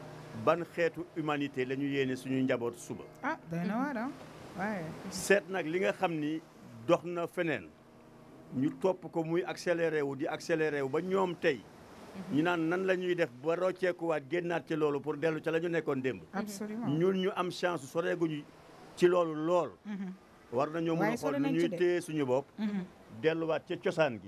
ban xeetu humanité la ñu yéene suñu njaboot suba. ah doy na waar ah. waaye. seet nag li nga xam ni dox na feneen ñu topp ko muy accéléré wu di accéléré wu ba ñoom tey. Mhm. ñu naan nan la ñuy def ba rocceekuwaat génnaat ci loolu pour dellu ca la ñu nekkoon démb. Mhm. ñun ñu am chance soreeguñu ci loolu lool. Mhm. war nañoo mën a xool nu ñuy téye suñu bopp. delluwaat ca cosaan gi.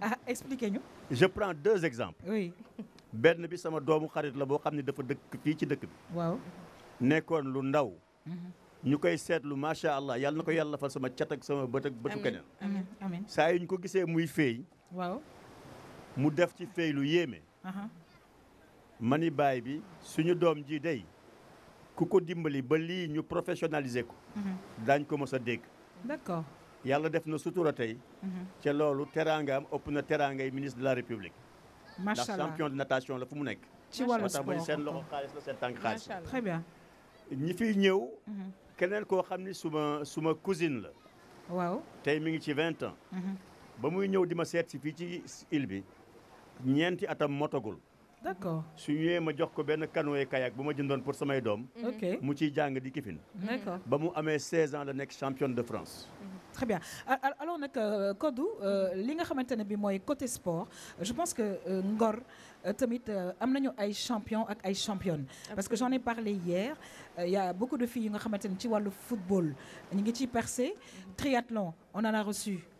Ah, expliquez nous je prends deux exemples. oui. benn bi sama doomu xarit la boo xam ne dafa dëkk fii ci dëkk bi. waaw nekkoon lu ndaw. Mhm. ñu koy seetlu macha allah yàlla na ko yàlla fal sama cat ak sama bët ak bëtu keneen. amiin Amen. saa yu ñu ko gisee muy feey. waaw mu def ci feey lu yéeme. Mani ni baay bi suñu doom ji day ku ko dimbali ba lii ñu professionnaliser ko. Mhm. dañ ko mos a dégg. d'accord yalla def na sutura tay mhm. ci lolu teranga am op na teraangay ministre de la république. macha allah ndax champion de natation la fu mu nekk. ci walu sport moo tax loxo xaliss la sen tànk xaalis. très bien. ñi fi ñew mhm. keneen ko xamni suma suma cousine la. waaw tay mi ngi ci 20 ans. Mhm. ba muy ñew dima set ci fi ci île bi ñenti atam motagul. d'accord su ñëwee ma jox ko ben canoë kayak bu ma jëndoon pour samay doom. mu ci jang di kifin. d'accord ba mu amé 16 ans la nek championne de France très bien alors euh, on a euh, li nga xamante ne bi côté sport je pense que euh, Ngor tamit des ay champions et des championnes. parce que j'en ai parlé hier il y a beaucoup de filles qui ont le football ñu ngi percé mm-hmm. triathlon on en a reçu.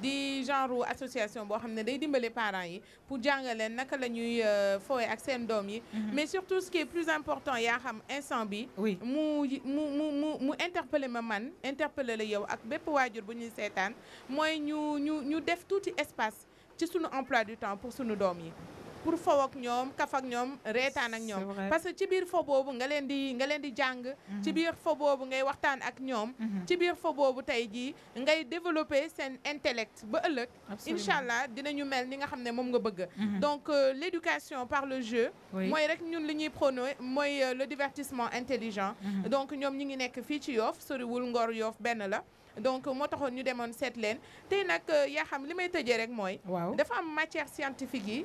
di genre association bo xamné day dimbale parents yi pour jàngal nak naka la ñuy euh, fooye ak seen dom yi mhm. mais surtout ce qui est plus important ya xam instant bi mu mu mu mu interpeller ma man interpeller le yow ak bép wajur bu ñuy seetaan mooy ñu ñu ñu def touti espace ci suñu emploi du temps pour suñu dom yi pour faire ak ñoom kaf ak ñoom reetaan ak ñoom parce que ci biir fo boobu nga leen di nga leen di jàng mm-hmm. ci biir fo boobu ngay waxtaan ak ñoom mm-hmm. ci biir fo boobu tey jii ngay développer seen intellect ba ëllëg dina nyumel dinañu mel ni nga nga bëgg mm-hmm. donc euh, l'éducation par le jeu Moi, rek ñun li ñuy Moi, euh, le divertissement intelligent donc ñoom ñi ngi nekk fii ci Yoff soriwul Ngor Yoff benn la donc moo taxoon ñu demoon seet leen tey nag euh, yaa xam li may tëjee rek mooy dafa am matière scientifique yi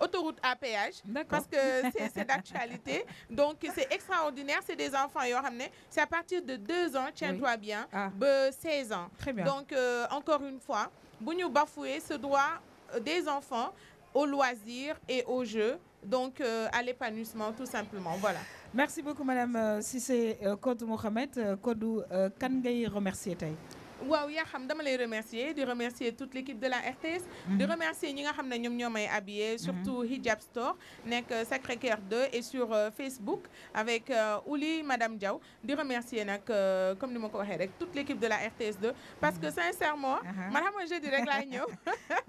autoroute à Parce que c'est d'actualité. Donc, c'est extraordinaire. C'est des enfants, c'est à partir de 2 ans, tiens-toi bien, 16 ah. ans. Donc, euh, encore une fois, Bougnou Bafoué, se doit euh, des enfants au loisirs et aux jeux. Donc, euh, à l'épanouissement, tout simplement. Voilà. Merci beaucoup, Madame Sissé Kodou Mohamed. Kodou, kan remercier remercier waaw je remercier de remercier toute l'équipe de la RTS. Mhm. de remercier ñi nga xam mhm. surtout Hijab Store Nek euh, Sacré-Cœur 2 et sur euh, Facebook avec euh, Ouli madame Diaw de remercier que comme nous toute l'équipe de la RTS 2 parce que mhm. sincèrement. Uh-huh. madame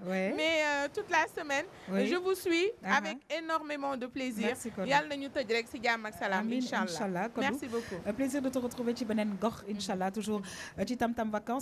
mais toute la semaine. je vous suis. Uh-huh. avec énormément de plaisir. merci beaucoup. merci beaucoup. plaisir de te retrouver toujours Vacances.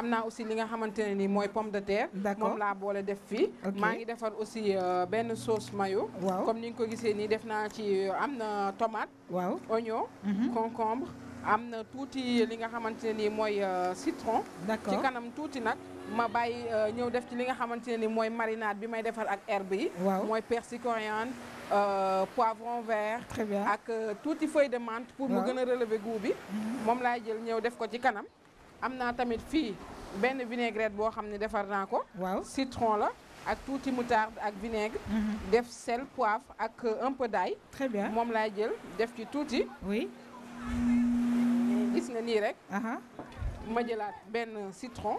amna aussi li nga xamante ne pomme de terre. mom la bolé def fi ma ngi defar aussi ben sauce mayo. comme ni nga ko gissé ni defna ci euh, amna tomate. oignon. Mhm. concombre amna touti li nga xamante ne euh, citron. ci kanam touti nak ma bàyyi ñew def ci li nga xamante ni marinade bi may défar ak herbe yi. moy persil coriandre poivron vert. ak touti feuille de menthe. pour mu gën a relever goût bi. Mhm. moom laay jël ñëw def ko ci kanam amna tamit de vinaigrette bo xamni citron la ak moutarde ak vinaigre. Mhm. def sel poivre ak euh, un peu d'ail. très bien jël def ci oui. citron.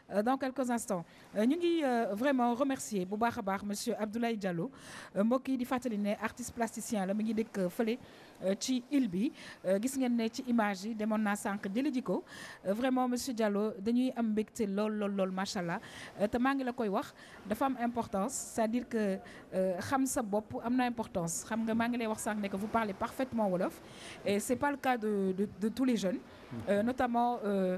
Euh, dans quelques instants euh, ñu ngi euh, vraiment remercier bu baax baax monsieur Abdoulaye Diallo Moki di fàttali artiste plasticien la mi ngi dëkk Chi ci île bi gis ngeen ne ci image yi vraiment monsieur Diallo dañuy am mbégte lol lol lol, machallah. te maa ngi la koy wax dafa am importance c'est-à-dire que xam sa bopp am na importance xam nga maa ngi lay wax sànq ne que vous parlez parfaitement wolof et c'est pas le cas de de, de tous les jeunes euh, notamment euh,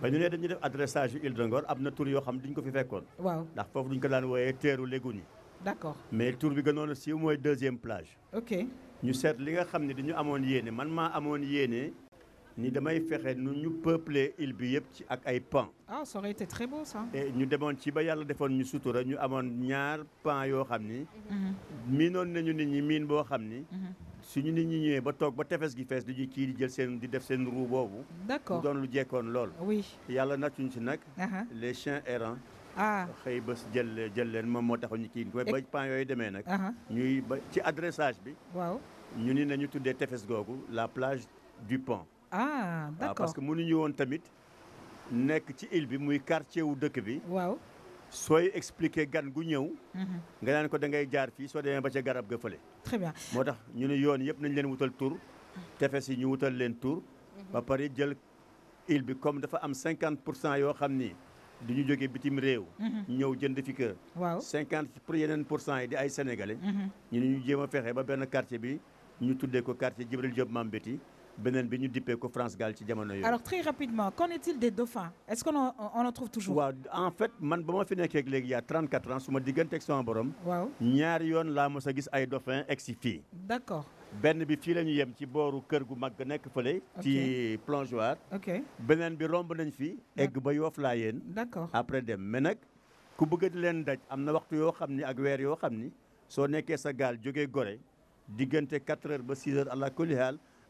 ba ñu ne dañuy def adressage yu Île de Ngor am na tur yoo xam duñ ko fi fekkoon. waaw ndax fofu duñ ko daan woyé teeru Léguni. d'accord mais tour bi gënoon a moy deuxième plage. ok ñu sét li nga xamni ne dañu amoon yéene man ma amone yéné ni damay fexé nu ñu peupler île bi yépp ci ak ay pan. ah ça aurait été très beau ça. et ñu démon ci ba yalla défon ñu sutura ñu amone ñaar pan yo xamni ni. Mhm. miinoon nañu nit ñi min bo xamni mhm suñu nit ñi ñëwee ba toog ba tefes gi fees dañuy kii di jël seen di def seen roue boobu. d'accord doon lu jekkoon lool. oui yàlla nattuñ ci nag. les chiens errants. ah xëy bés jël jël leen moom moo taxul ñu kii ba pan yooyu demee nag. ñuy ba ci adressage bi. waaw ñu ni nañu tuddee tefes googu la plage du pont. ah, ah d'accord parce que mënuñu woon tamit nekk ci île bi muy quartier wu dëkk bi. waaw sooy expliquer gan gu ñëw. Mhm. nga nan ko da ngay jaar fi so demee ba ca garab ga feulé très bien motax ñu ne yoon yëpp nañ leen wutal tour tefes yi ñu wutal leen tour mhm. ba paré jël il bi comme dafa am 50 yo xamni yoo joggé bitim réew. Mhm. ñëw jënd fi kër. waaw 50 pour yeneen yi di ay sénégalais. ñu ne ñu jéem fexé ba ben quartier bi ñu tuddé ko quartier Djibril Diop Mambéty bi ñu ko France ci alors très rapidement qu'en est-il des dauphins est-ce qu'on en on en trouve toujours. waaw en fait man ba ma fi nekkee y a 34 ans su ma digganteeg sama borom. waaw ñaari yoon laa mos a gis ay dauphins ex d'accord benn bi fi lañu yem ci booru kër gu mag nekk fële. ci plongeoir. ok beneen bi romb nañ fi. egg ba yoof laa yéen. d'accord après dem mais nag ku bëgg di leen daj am na waxtu yoo xam ni ak weer yoo xam ni soo nekkee sa gaal jógee Gorée diggante 4 heures ba 6 heures à la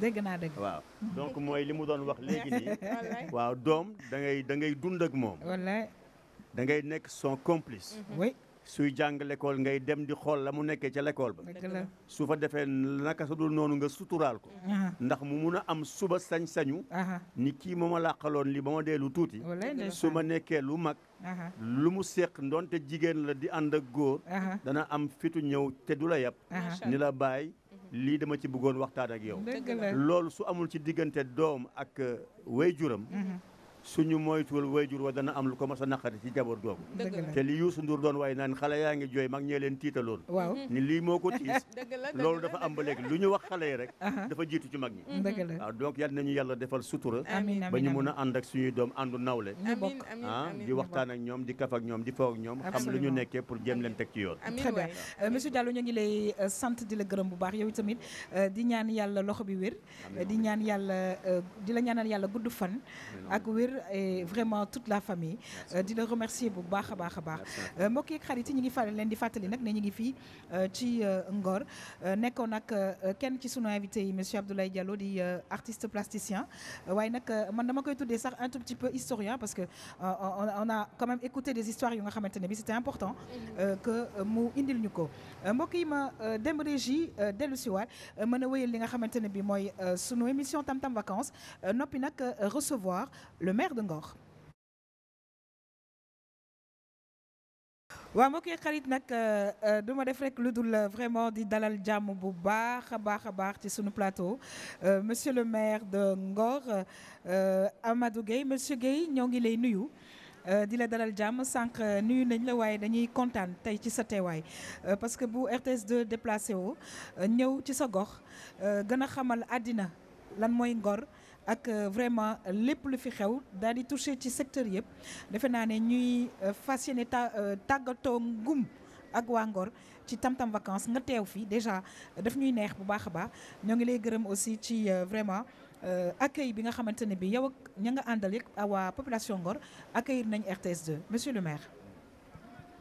dégg waaw mm-hmm. donc moi il est wax léegi nii waaw dom, da ngay da ngay dund ak moom da ngay son complice mm-hmm. oui suy jàng l'école ngay dem di xol la mu nekkee ca l'école ba su fa défé naka su dul noonu nga sutural ko uh-huh. ndax mu mëna am suba sañ-sañu uh-huh. ni ki moma la xalon li bama délu touti lu tuuti su ma nekkee lu mag uh-huh. lu mu séq ndonte jigen la di and ak goor dana am fitu ñew te dula la ni la bay. lii dama ci bëggoon waxtaan ak loolu su amul ci diggante doom ak euh, waajuram. Mm-hmm. suñu moytuwul wayjur wa dana am lu ko ma sa nakari ci jabor googu te li yusu ndur doon way nan xala yaangi joy mak ñeleen ñee ni li moko ko tiis loolu dafa am ba léegi lu wax xala yi rek dafa jitu ci mag ñi donc yal nañu yalla defal sutura ba ñu mëna and ak suñu doom andu nawle ah, di waxtaan ak ñom di kaf ak ñom di fo ak ñom xam luñu nekké pour jëm leen tek ci yoon très euh, monsieur Diallo ñu ngi lay euh, sante di la gërëm bu baax yow tamit euh, di ñaan yalla loxo bi wër di ñaan yalla di la ñaanal yalla guddu fan ak wër et vraiment toute la famille euh, di le remercier bu baax a baax a baax euh, mbokk yeeg xarit yi ñi ngi fa len di fatali nak né ñi ngi fi euh, ci Ngor nekkoon nak kenn ci sunu invité yi monsieur Abdoulaye Diallo di artiste plasticien waaye nak man dama koy tuddee sax un tout petit peu historien parce que on a quand même écouté des histoires yu nga xamante ne bi c'était important que mu indil ñuko ko mbokk yi ma dem régie dellu si waat mën a li nga xamante ne bi mooy sunu émission tam tam vacances nopi nak recevoir le maire Ngor. Wa mbokk yi xarit nag euh, euh, du ma def rek lu euh, vraiment di dalal jàmm bu baax a baax a baax ci sunu plateau monsieur le maire de Ngor Amadou Gueye monsieur Gueye ñoo ngi lay nuyu di la dalal jàmm sànq nuyu nañ la waaye dañuy kontaan tey ci sa teewaay parce que bu RTS2 déplacé au ñëw ci sa gox gën a xamal àddina lan mooy Ngor ak euh, vraiment lépp lu fi xew daal di touché ci secteur yëpp defe naa ne ñuy euh, fas ta euh, tàggatoo ngum ak waa Ngor ci tam-tam vacances nga teew fi déjà daf ñuy neex bu baax a baax ñoo ngi lay gërëm aussi ci vraiment accueil bi nga xamante ne bi yow ak ña nga àndal yëpp waa population Ngor accueillir nañ RTS 2 monsieur le maire.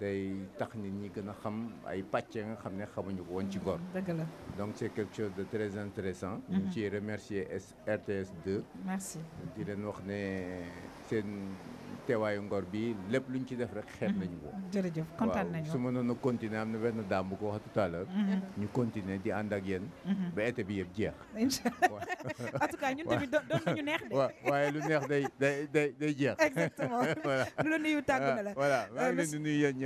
day tax nit ñi gën a xam ay pàcc nga xam ne xamuñu ko woon ci Ngor. dëgg la donc c' est quelque chose de très intéressant ñu mm -hmm. ciy remercier RTS 2. merci di leen wax ne seen teewaayu Ngor bi lépp luñ ci def rek xeet mhm. nañu ko. jërëjëf kontaan nañu su ma noonu continuer am na benn daam bu wax tout mhm. ñu continuer di ànd ak yéen. Mhm. ba été bi yëpp jeex. incha allah neex de. waaye lu neex day day day jeex. exactement lu la nuyu tàggu na la. voilà euh, maa ngi leen di nuyu yéen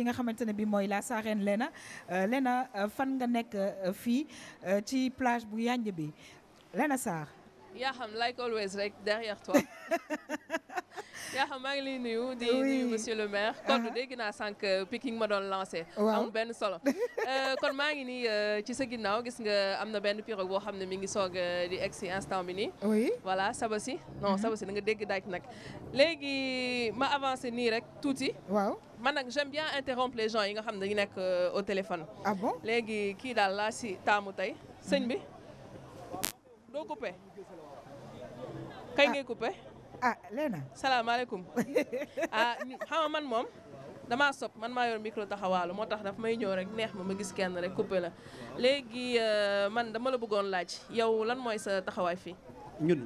ki nga xamante ne bi mooy la Sarène Léna euh, Léna euh, fan nga nekk euh, fii ci plage bu Yànj bi lena Sarr ham like always, like derrière toi. Y'a ham ngi lay nuyu di nuyu monsieur le maire. Ah. kon dégg naa sànq euh, picking ma doon lancé. amul ben solo. Euh, kon maa ngi nii euh, ci sa ginnaaw gis nga am na benn pirogue boo xam ne mi ngi soog di egg instant bini. oui voilà ça aussi non mhm. Sabasi da nga dégg daaj nag. Légui, ma avancé ni rek touti. waaw man j'aime bien interrompre les gens yi nga xam ne dañu au téléphone. ah bon Légui, qui daal laa si taamu tey sëñ mhm. bi doo coupé. kay ngay coupé ah Léna salaamaaleykum ah xama ah, man mom dama sop man mayor yor micro taxawal motax daf may ñëw rek neex ma ma gis kenn rek coupé la légui euh, man dama la bëggon laaj yow lan moy sa taxaway fi ñun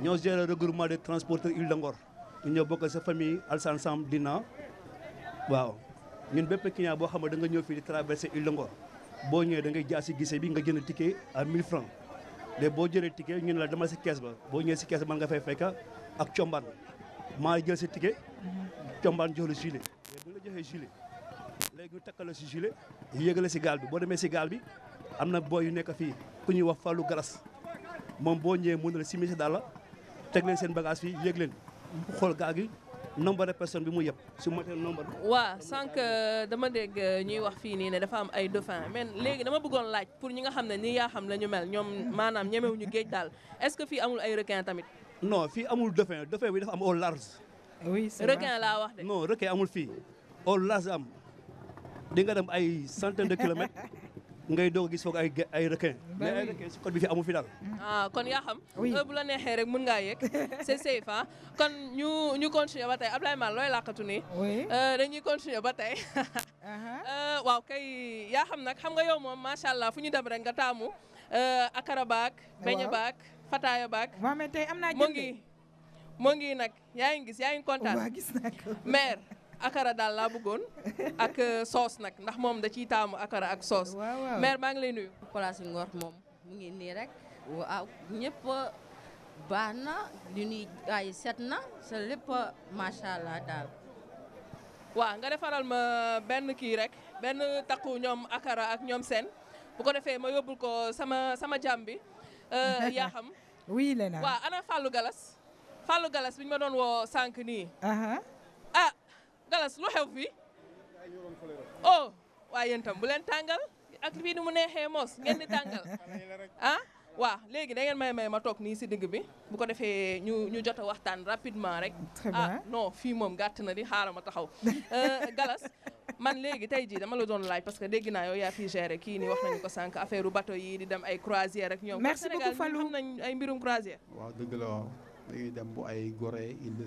ñoo géré regroupement des transporteurs Île de Ngor bokk sa famille Alsan sam dina waaw ñun bép client bo xam da nga ñëw fi di traverser Île de Ngor boo da nga jassi gisé bi nga jënd ticket à 1000 francs léegi boo jëlee ticket ñu ne la dama si kees ba boo ñëwee si kees ba mën nga fay fekk ak combaan maa jël sa ticket combaan jox la gilet léegi bu la joxee gilet léegi ñu takkal la si gilet yéegale si gaal bi boo demee si gaal bi am na booy yu nekk fii ku ñuy wax falu Garas moom boo ñëwee mën na la simisi daal la teg leen seen bagage fii yéeg leen xool gaa gi nombre de personnes bi mu yëpp su matee nombre. waa sànq euh, dama dégg euh, ñuy wax fii nii ne dafa am ay dauphin mais léegi dama bëggoon laaj pour ñi nga xam ne nii yaa xam la ñu mel ñoom maanaam ñu géej daal est-ce que fii amul ay requin tamit. non fii amul dauphin dauphin bi dafa am au large. oui c'est requin laa wax de. non requin amul fii au large am di nga dem ay centaine de kilomètres. ngay doog a gis foog ay ay requin. ay requin code bi fi amu fi daal. Mm. Ah, kon yaa xam. bu la neexee rek mun ngaa yegg c'est safe kon ñu ñu continuer ba tey Ablaye Mal looy làqatu nii. oui euh, dañuy continuer ba tey. Euh, waaw kay yaa xam nag xam nga yow moom macha allah fu ñu dem rek nga taamu. Euh, akara baak. waaw beñe baak fataaya baak. waaw am naa jënd mu ngi mu ngi nag yaa ngi gis yaa ngi gis naa maire. akara dal la bëggoon ak nak, euh, nak ndax mom da ci taamu akara ak sos mer ma ngi lay nuyu. place Ngor mom mu ngi ni rek ñepp baana di na du ñuy ay sa lépp macha allah nga defaral ma ben ki rek ben takku ñom akara ak ñom sen bu ko defé ma yobul ko sama sama jambi, euh ya xam. oui lena wa ana fallu Galas fallu Galas bi ma doon sank ni aha ah. galas lu xew fii oh waaye yéen tam bu leen tàngal ak fii ni mu neexee moos ngeen di tàngal ah waaw léegi da ngeen may may ma toog nii si digg bi bu ko defee ñu ñu jot a waxtaan rapidement rek ah non fii moom gàtt na di xaaral ma taxaw galas euh, man léegi tey jii dama la doon laaj parce que dégg naa yow yaa fi géré kii ni wax nañu ko sànq affaire bateau yi di dem ay croisière rek ñoom merci beaucoup Fallou xam nañ ay mbirum croisière waa dëgg la waaw dañuy dem bu ay Gorée Île de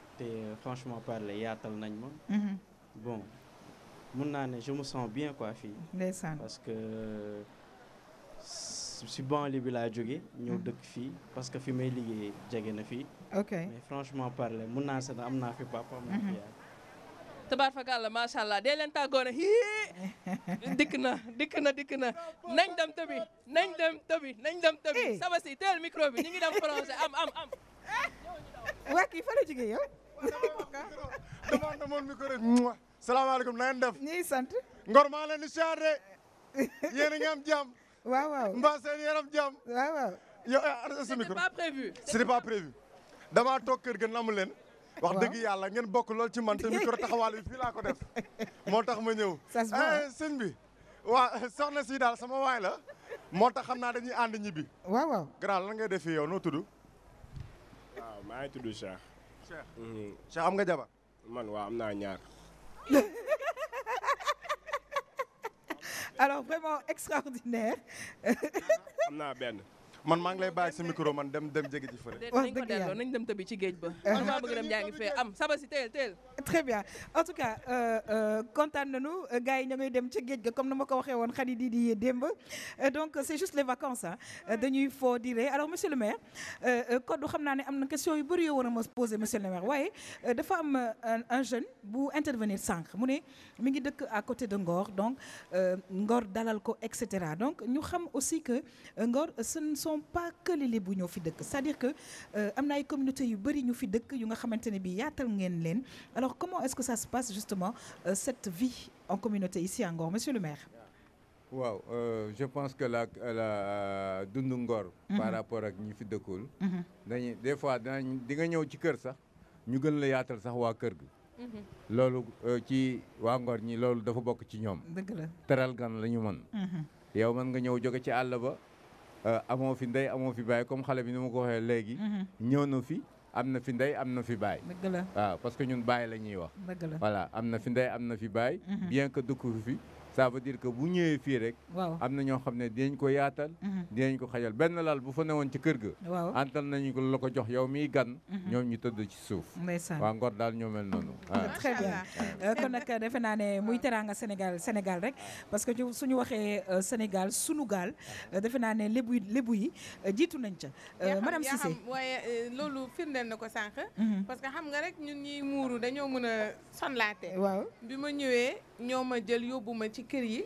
franchement parlé yatal nañ ma. Mhm. bon mun naa ne je me sens bien quoi fii. ndeysaan parce que si banlieue bi laa jógee. ñëw mhm. dëkk fii parce que fi may liggéey jege na fii. ok mais franchement parlé mun naa se am naa fi papa am naa fi mhm. yaay. tabaar fakàlla macha allah dee leen tàggoo na hii dikk na dikk na dikk na nañ dem tabi nañ dem tabi nañ dem tabi eh. sama si teel micro bi ñu ngi dem français am am am. waa kii fa la jógee yow. dama demoon micro rek salaamaaleykum na ngeen def ñuy sant ngor maa leen di siyaar ngi am jàmm waaw waaw mbaa seen yaram jàmm waaw waaw yow eh, arrêté sa micro c'était pas prévu c'était pas prévu damaa toog kër ga namu leen wax dëgg ngeen ci man te micro ko def ma eh, bi soxna si dal sama waay la moo tax dañuy ànd ñibbi waaw waaw grand lan ngay def yow noo tudd waaw Cheikh Cheikh. Cheikh am nga jabar. man waaw am ñaar. alors vraiment extraordinaire. am naa je micro très bien en tout cas euh, euh, nous, comme euh, donc juste les vacances hein. dire alors monsieur le maire quand nous avons une question yu bëri nous poser, monsieur le maire oui, un jeune bu intervenir sans, à côté de Ngor donc Ngor dalal etc. donc nous xam aussi que Ngor pas que les lébu ñoo fi c'est-à-dire que euh, amna na ay communautés yu bëri ñu fi dëkk yu nga xamante bi yaatal ngeen alors comment est-ce que ça se passe justement euh, cette vie en communauté ici à Ngor monsieur le maire waaw euh, je pense que la la dundu Ngor mhm. par rapport ak ñi fi dëkkul mhm. des fois dinañ di nga ñëw ci kër sax ñu gën la yaatal sax waa kër gi mhm. loolu ci avons Ngor ñi loolu dafa bokk ci ñoom dëgg teral gan la ñu yow mën nga euh, amoo fi ndey amoo fi baay comme xale bi ni ma ko waxee léegi. Mhm. ñëw na fi am na fi ndey am na fi baay. dëgg la waaw parce que ñun baay la ñuy wax. dëgg la voilà am na fi ndey am na fi baay. Mhm. bien que dëkku fi. ça veut dire que bu ñëwee fii rek. waaw am na ñoo xam ne dinañ ko yaatal. Mhm. dinañ ko xajal benn lal bu fa newoon ci kër ga. antal nañu ko la ko jox yow miy gan. Mhm. ñoom ñu tëdd ci suuf. ndeysaan waa Ngor daal ñoo mel noonu. très bien euh, kon nag defe naa ne muy teraanga Sénégal Sénégal rek parce que suñu waxee euh, Sénégal sunu euh, ne lébu lébu yi jiitu nañ ca. madame Cissé yaa xam waaye loolu firndeel na ko sànq. Mhm. parce que xam nga rek ñun ñiy muuru dañoo mën a sonlaate. waaw bi ma ñëwee. ñoma jël yobuma ci kër yi.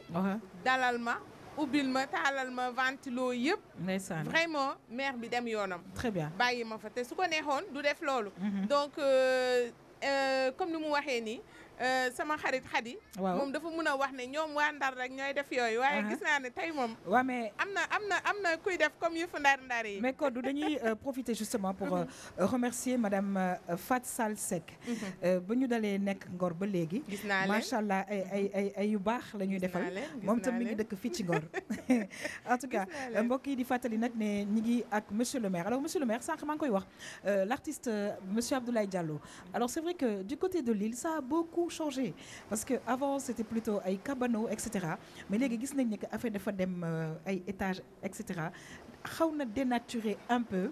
dalal ma oubil ma talal ma ventilo yépp vraiment mère bi dem yoonam. très bien bayima fa té su ko du def lolu mhm. donc euh, euh, comme nous mu waxé ni euh, sama xarit Xadi mom dafa mëna wax né ñom wa Ndar rek ñoy def yoy waye gis na né tay mom waaw mais amna amna am kuy def comme yëfu ndar ndar yi. mais ko du dañuy euh, profiter justement pour mhm. euh, remercier madame Fat Sal Sek mhm. ba ñu dalé nek Ngor ba légui gis naa allah ay ay mhm. ay ay yu bax lañuy defal. mom tam mi ngi dëkk fi ci Ngor. en tout cas mbokk yi di fatali nak né ñi ngi ak monsieur le maire alors monsieur le maire sank ma ngi koy wax l'artiste monsieur Abdoulaye Diallo. alors c'est vrai que du côté de Lille ça a beaucoup changer changé parce que avant c'était plutôt ay etc mais les gens nañ ont fait des étages, dem euh, ay étage et cetera un peu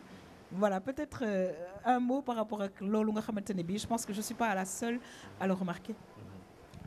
voilà peut-être euh, un mot par rapport à l'eau. je pense que je suis pas la seule à le remarquer.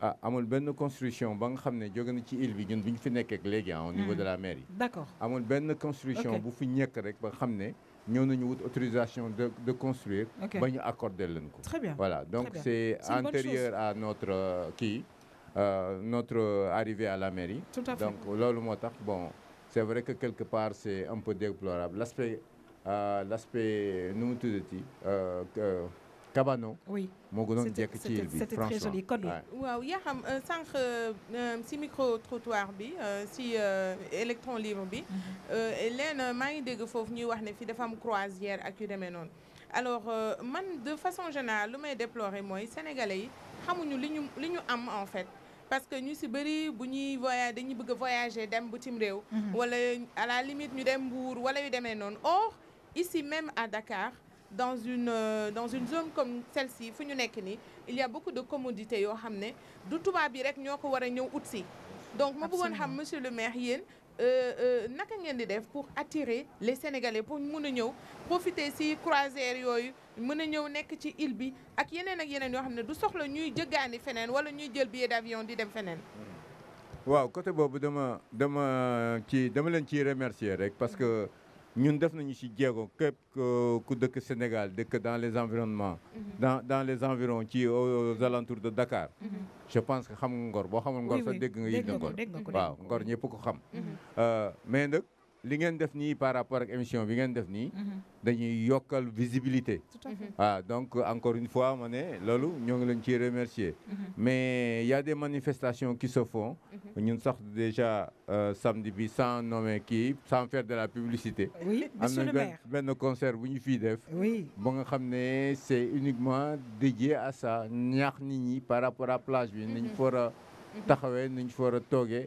ah amul benn construction ba nga xam ne jóge na ci île bi ñun bi ñu fi léegi ah, au niveau hmm. de la mairie. d'accord amul benn construction bu fi ñekk rek ba xam ne ñëw nañu wut autorisation de de construire. ba ñu accordé leen ko. très bien voilà donc c'est antérieur à notre qui euh, euh, notre arrivée à la mairie. tout à fait donc loolu moo tax bon c'est vrai que quelque part c'est un peu déplorable l'aspect euh, l'aspect nu mu tuddati. Euh, Kabano oui Mon gënoon jekk ci c'était très joli kon waaw yaa xam euh, sànq euh, euh, si micro trottoir bi si électron libre bi mhm. leen maa ngi dégg foofu ñuy wax ne fi dafa am croisière ak yu demee noonu alors man de façon générale lu may déplorer mooy sénégalais yi xamuñu li ñu am en fait parce que ñu si bëri bu ñuy voyage dañuy bëgg a voyager dem bitim réew mhm. wala à la limite ñu dem Mbour wala yu demee noonu or ici même à Dakar dans une euh, dans une zone comme celle-ci fu ñu il y a beaucoup de commodités yoo xam du tubaab yi rek ñoo a ñëw ut donc ma bëggoon xam monsieur le maire yéen euh, euh, naka ngeen di def pour attirer les sénégalais pour mun ñëw profiter ici, croisière yooyu mën ñëw nek ci île bi ak yenen ak yenen yoo xam du soxla ñuy jëggaani fenen wala ñuy jël billet d'avion di dem fenen waaw côté bobu dama dama ci dama len ci remercier rek parce que. Nous def nañu ci que Sénégal dans les environnements. Mhm. dans les environs qui aux alentours de Dakar. Mhm. je pense que xam Ngor ce ngeen def nii par rapport à l'émission bi ngeen def nii. Mhm. dañuy visibilité. Mhm. ah donc encore une fois mané, ne nous allons ngi remercier. Mhm. mais il y a des manifestations qui se font. Nous sortons déjà euh, samedi sans nommer équipe sans faire de la publicité. oui monsieur le maire am na concert bu oui ba c'est uniquement dédié à ça Nous nit par rapport à la plage Nous avons fait un a taxawee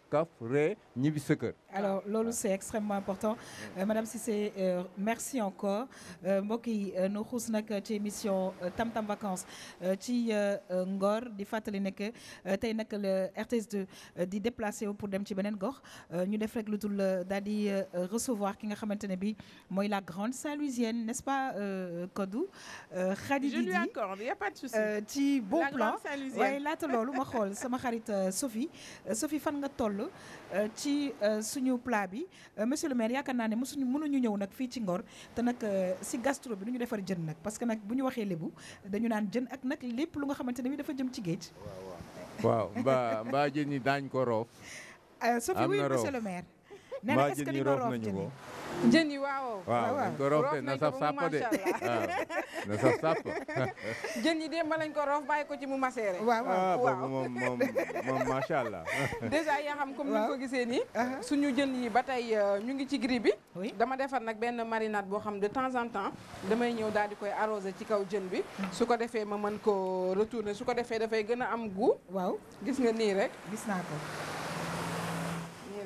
kaf ree ñibbi alors ah. Lolo c'est extrêmement important euh, madame Cissé euh, merci encore euh, mbokk nous euh, nu xuus ci émission euh, Tam Tam Vacances ci Ngor di fàttali ne que tey le RTS2 di déplacé pour dem ci beneen gox ñu def rek lu di recevoir ki nga xamante bi mooy la grande Saint-Louisienne n'est-ce pas Kodou je lui accorde il y a pas de souci ci bon plan waaye laata loolu ma xool sama xarit Sophie Sophie fan nga toll euh, ci euh, suñu plat bi euh, monsieur le maire yaakaar naa ne mosuñu mënuñu ñëw nag fii ci Ngor te nag si gastro bi nu ñu defar jën nag parce que nag bu ñu waxee léebu dañu naan jën ak nag lépp lu nga xamante ne dafa jëm ci géej. waaw mbaa mbaa jën yi daañ ko roof. am na roof Sophie le maire. nee na est-ce que di nga roof jën yi jën yi waaw. waaw dañ ko roof ah. na saf sàpp de waaw na saf sàpp. jën yi démb lañ ko roof bàyyi ko ci mu maseere. waaw waaw ah, boobu moom moom moom macha allah. dèjà yaa xam comme ni nga ko gisee nii. Uh-huh. suñu jën yi ba tey euh, ñu ngi ci gris bi. dama defar nag benn marinade boo xam de temps en temps damay ñëw daal di koy arrosé ci kaw jën bi. Mm. su ko defee ma mën koo retourner su ko defee dafay gën a am goût. waaw gis nga nii rek. gis naa ko.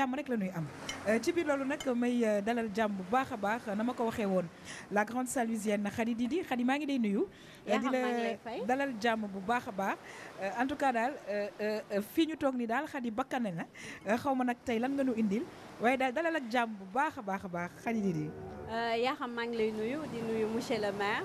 jàmm rek la ñuy am euh, ci biir loolu nag may euh, dalal jàmm bu baax a baax na ma ko waxee woon la grande salusienne Khady Didi Khady maa ngi lay nuyu di la dalal jàmm bu baax a baax euh, en tout cas daal fii ñu toog ni daal Khady bakkane na xaw ma nag tey lan nga nu indil waaye daal dalal ak jàmm bu baax a baax a baax Khady Didi yaa xam maa ngi lay nuyu di nuyu monsieur le maire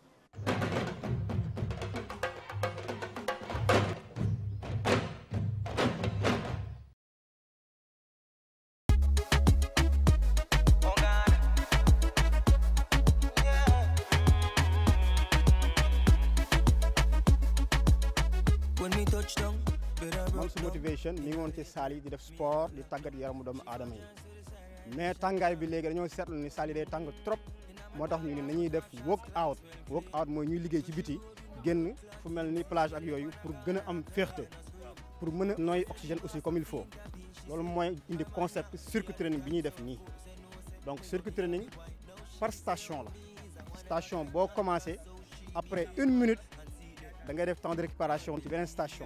Motivation nous ngi ci sali sport di tagat mais bi ni trop ñu out walk out ñuy liggé ci biti fu plage ak pour am pour oxygène aussi comme il faut C'est le indi concept circuit training bi ñuy donc circuit training par station la station commence. après une minute da def temps de récupération station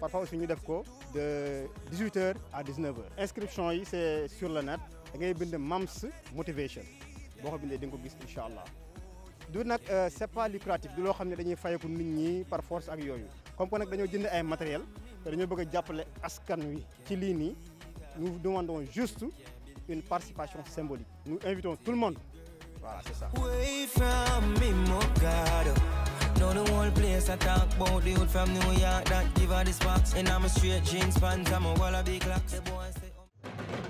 parfois aussi ñu de 18h à 19h. L'inscription est sur le net da ngay bind MAMS motivation Vous ko bindee Ce ko euh, pas lucratif du loo xam ne dañuy fayeku nit ñi par force ak comme on a matériel te bëgg nous demandons juste une participation symbolique nous invitons tout le monde voilà c'est ça. Now the whole place I talk about the old from New York that give her the sparks. And I'm a straight jeans pants, I'm a wallaby clock. The boy say, oh.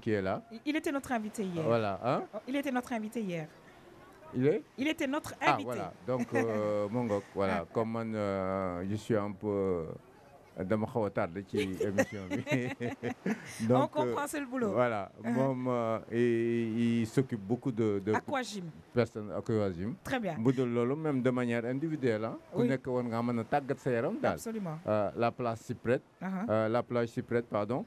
qui est là. Il était notre invité hier. Voilà. Hein? Oh, il était notre invité hier. Il est Il était notre ah, invité. Ah, voilà. Donc, euh, Mongok, voilà. Comme euh, je suis un peu. Euh, dama xaw a tardé ci émission bi donc on euh, comprend c'est le boulot voilà et euh, il s'occupe beaucoup de de Aquagym personne Aquagym très bien bu dul même de manière individuelle Hein. ku nekk woon nga mën a tàggat sa euh, absolument la place s'y prête la plage s'y prête uh-huh. pardon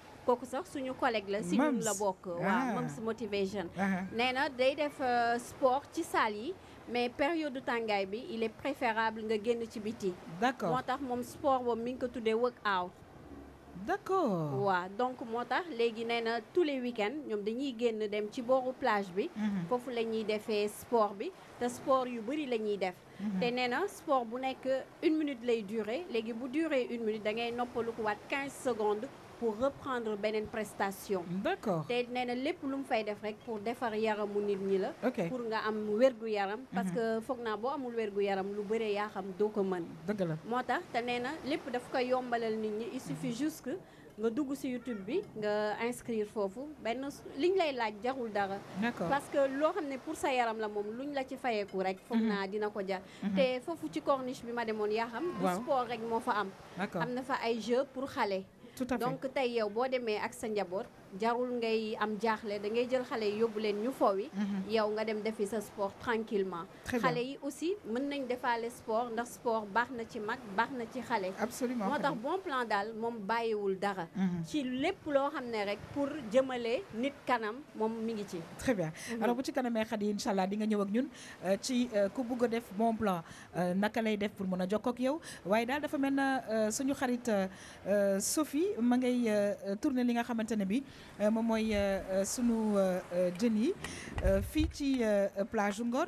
kooku sax suñu collègue la si ñun la bokk mom ah. Moms Motivation ah. néna day def euh, sport ci salle yi mais période du tangay bi il est préférable nga génn ci biti d'accord moo tax sport bo mi ngi ko tuddee workout d'accord wa donc motax légui néna tous les week-ends ñom dañuy génn dem ci boru plage bi mhm. fofu lañuy défé sport bi te sport yu bari lañuy ñuy def mhm. te nee sport bu nek 1 minute lay durer légui bu durer 1 minute da ngay noppalu ko waat quinze secondes pour reprendre une prestation. d'accord te nee na lépp lu mu fay def rek pour defar yaramu nit ñi la. pour nga am wérgu yaram. Mhm. parce que foog naa bo amul wérgu yaram lu bëree yaa xam doo ko mën. dëgg la moo tax te lépp daf yombalal nit ñi il suffit juste que nga dugg ci YouTube bi nga inscrire foofu benn liñ lay laaj jaxul dara. parce que loo xam ne pour sa yaram la moom luñ la ci fayeeku rek. foog mhm. naa dina ko jar. Mhm. te foofu ci corniche bi ma demoon yaa xam. sport rek moo fa am. am na fa ay jeux pour xale. tout donc tey yow boo demee ak sa njaboot jarul ngay am jaxlé da ngay jël xalé yi yóbbu ñu fowi mhm. yow nga dem defi sa sport tranquillement xalé yi aussi mën nañ defaale sport ndax sport baxna ci mag baxna ci xalé absolument moo bon plan daal moom bàyyiwul dara mhm. ci lépp lo xamné rek pour jëmale nit kanam mom mi ngi ci très bien mhm. alors bu ci kanamé xadi inshallah di nga ñëw ak ñun euh, ci euh, ku bugg a def bon plan euh, naka lay def pour mëna jokk ak yow waye dal dafa melna suñu xarit Sophie ma ngay tourner li nga xamante bi Euh, moom mooy euh, euh, sunu jën yi fii ci plage Ngor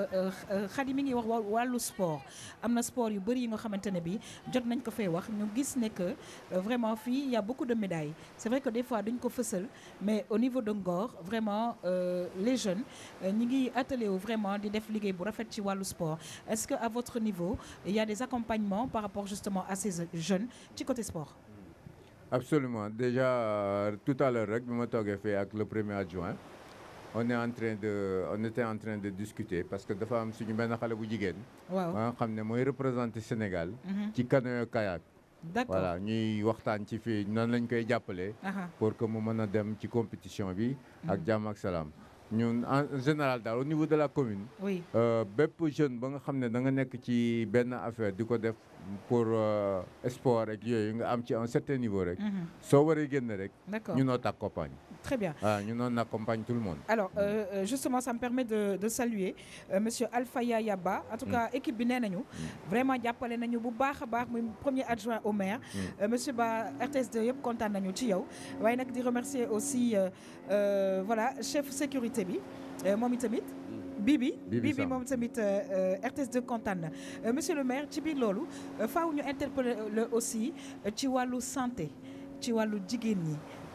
Khady mi ngi sport amna sport yu bari yi nga xamantene bi jot nañ ko fay wax ñu gis que euh, vraiment il y' a beaucoup de médailles C'est vrai que des fois duñ ko fësal mais au niveau de Ngor vraiment euh, les jeunes euh, ñi ngi attelé vraiment di def pour bu rafet ci sport est ce que à votre niveau il y a des accompagnements par rapport justement à ces jeunes ci côté sport. absolument déjà tout à l'heure rek bima togué fait le premier adjoint on est en train de on était en train de discuter parce que dafa am suñu benn xalé bu jigen waaw ba ah, nga xam ne mooy Sénégal. Mhm. ci canoë kayak. d'accord voilà ñuy waxtaan ci fi nan lañ koy jàppale. pour que mu mën dem ci compétition bi. ak mhm. jàmm ak salam en général au niveau de la commune. oui les euh, jeune ba nga xam un da nga affaire pour euh, sport rek yooyu nga un certain niveau rek. Mhm. soo en génn rek. nous Nous très bien Nous accompagnons tout le monde. alors euh, justement ça me permet de saluer M. monsieur Yaba. Yaba, en tout mm. cas équipe bi mm. vraiment jàppale nañu bu a premier adjoint au maire. Mm. monsieur Ba RTS2 yëpp content nañu ci yow remercier aussi euh, voilà chef sécurité université bi euh, moom itamit mm. Bibi Bibi moom tamit euh, euh, RTS de kontaan monsieur le maire ci biir loolu faaw ñu interpeller aussi ci wàllu santé ci wàllu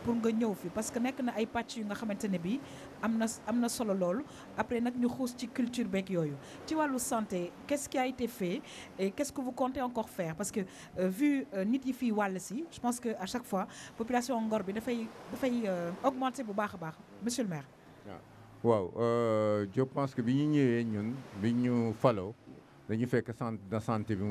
pour nga ñëw fi parce que nekk na ay pàcc yu nga xamante ne bii am solo loolu après nag ñu xuus ci culture beeg yooyu ci santé qu'est-ce qui a été fait et qu'est-ce que vous comptez encore faire parce que vu nit yi si je pense que à chaque fois population Ngor bi dafay augmenter bu baax a monsieur le maire waaw euh, je pense que nous ñu ñëwee ñun nous fait que dañu fekk centre de santé bi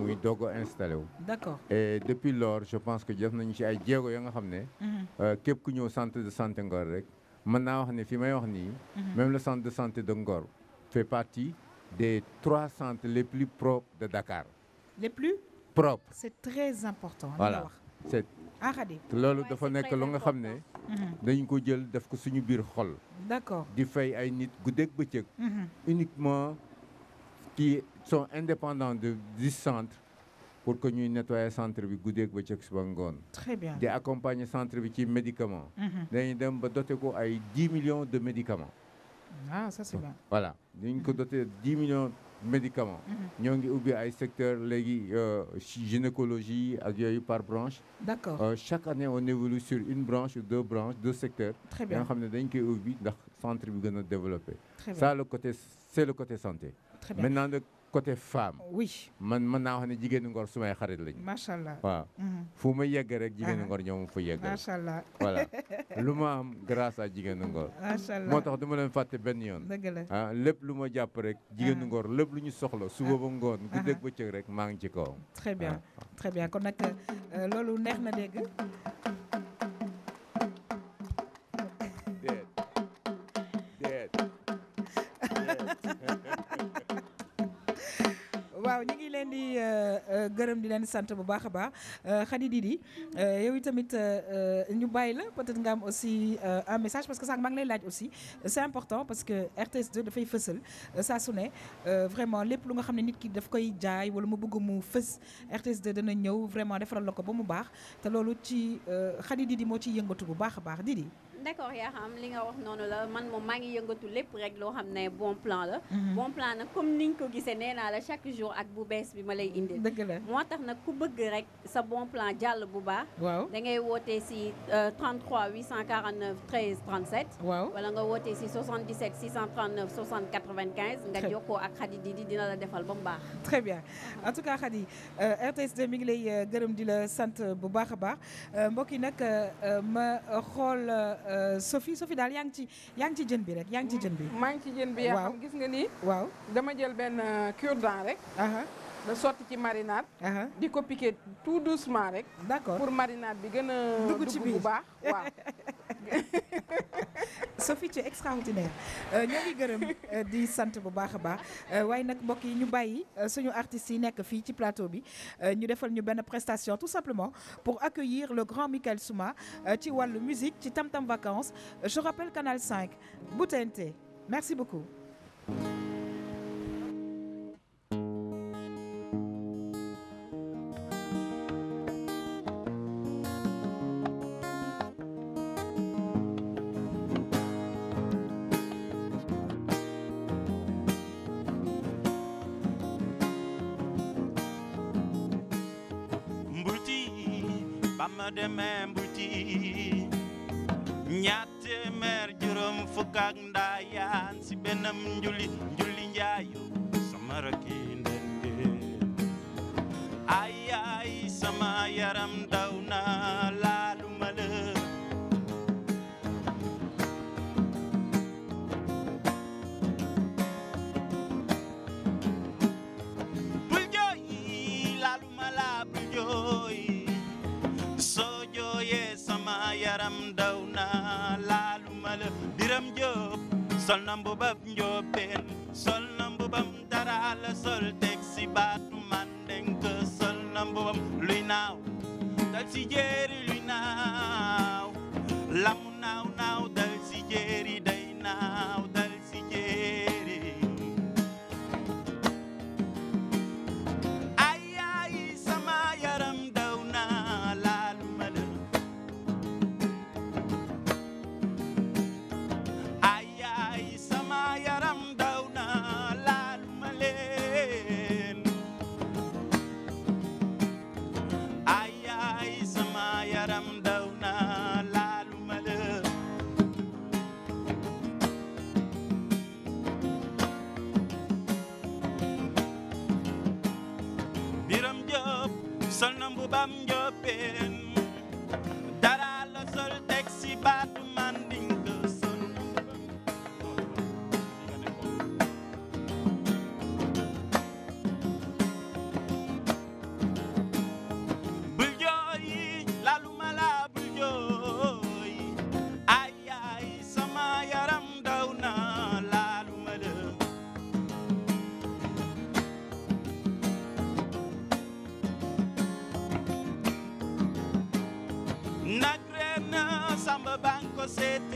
installé d'accord et depuis lors je pense que nous avons ci ay jéego ya nga mhm. euh, képp centre de santé Ngor rek mën mhm. même le centre de santé de Ngor fait partie des trois centres les plus propres de Dakar. les plus propres. c'est très important. voilà nous avons fait des choses uniquement qui sont indépendants de ce centre pour que nous nettoyions le centre de Goudek Bechek Très bien. Nous accompagner le centre de médicaments. Nous mhm. avons doté 10 millions de médicaments. Ah, ça c'est bien. Voilà. Nous avons mhm. doté 10 millions de médicaments mhm. Nous avons ubbi ay secteur euh, gynécologie ak par branche d'accord euh, chaque année on évolue sur une branche deux branches deux secteurs très bien nga dañ koy centre bi gën ça c'est le côté santé maintenant côté femme. oui man mën naa wax ne jigéenu ngor sumay xarit lañu. macha allah mm-hmm. fu ma yegg rek jigéenu ah. ngor ñoom fa yegg. macha allah voilà lu ma am grâce a jigéenu ngor. macha allah moo tax du ma leen fàtte benn yoon. dëgg la ah lépp lu ma jàpp rek. jigéenu ah. ngor lépp lu ñu soxla suba ba ngoon. Ah. guddeeg bëccëg rek maa ngi ci kawam. très bien bien kon nag euh, loolu neex na dégg. waaw ñu ngi leen di euh, euh, gërëm di leen sant bu baax a baax euh, Khady Didi yow tamit ñu bàyyi la peut-être nga am aussi un message parce que ça maa ngi lay laaj aussi c'est important parce que RTS2 dafay fësal saa ça ne vraiment lépp lu nga xam ne nit ki daf koy jaay wala mu bëgg mu fës RTS2 dana ñëw vraiment defaral la ko ba mu baax te loolu ci Khady Didi moo ciy yëngatu bu baax a baax Didi d'accord ya xam li nga wax noonu la man moom maa ngi yëngatu rek lo xamné bon plan la mhm. bon plan na comme niñ ko gisee nee la chaque jour ak bu bees bi ma lay indil dëgg la ku bëgg rek sa bon plan jall bu ba waaw da ngay woté si 33 849 13 37 waaw wala nga woté si 77 639 60 95 nga joko ak Khadidi Didi dina la défal ba baax très bien uh-huh. en tout cas Khady euh, RTS2 mi ngi lay euh, gërëm di la sante euh, bu baax baax mbokk yi nak ma xol Euh, Sophie Sophie daal yaa ngi ci yaa ngi ci jën bi rek yaa ngi ci jën bi. maa ngi ci jën bi yaa gis nga ni. waaw dama jël benn euh, cure-dent rek. La de ci marinade. di ko piqué tout doucement rek. d'accord pour marinade bi gën du du Sophie tu es extraordinaire euh, Nous sommes gërëm euh, di sant bu baax a baax euh, waaye artistes yi ci plateau bi ñu une ñu prestation tout simplement pour accueillir le grand Michael Souma ci la musique ci Tam Tam Vacances je rappelle Canal 5 Boutente. merci beaucoup.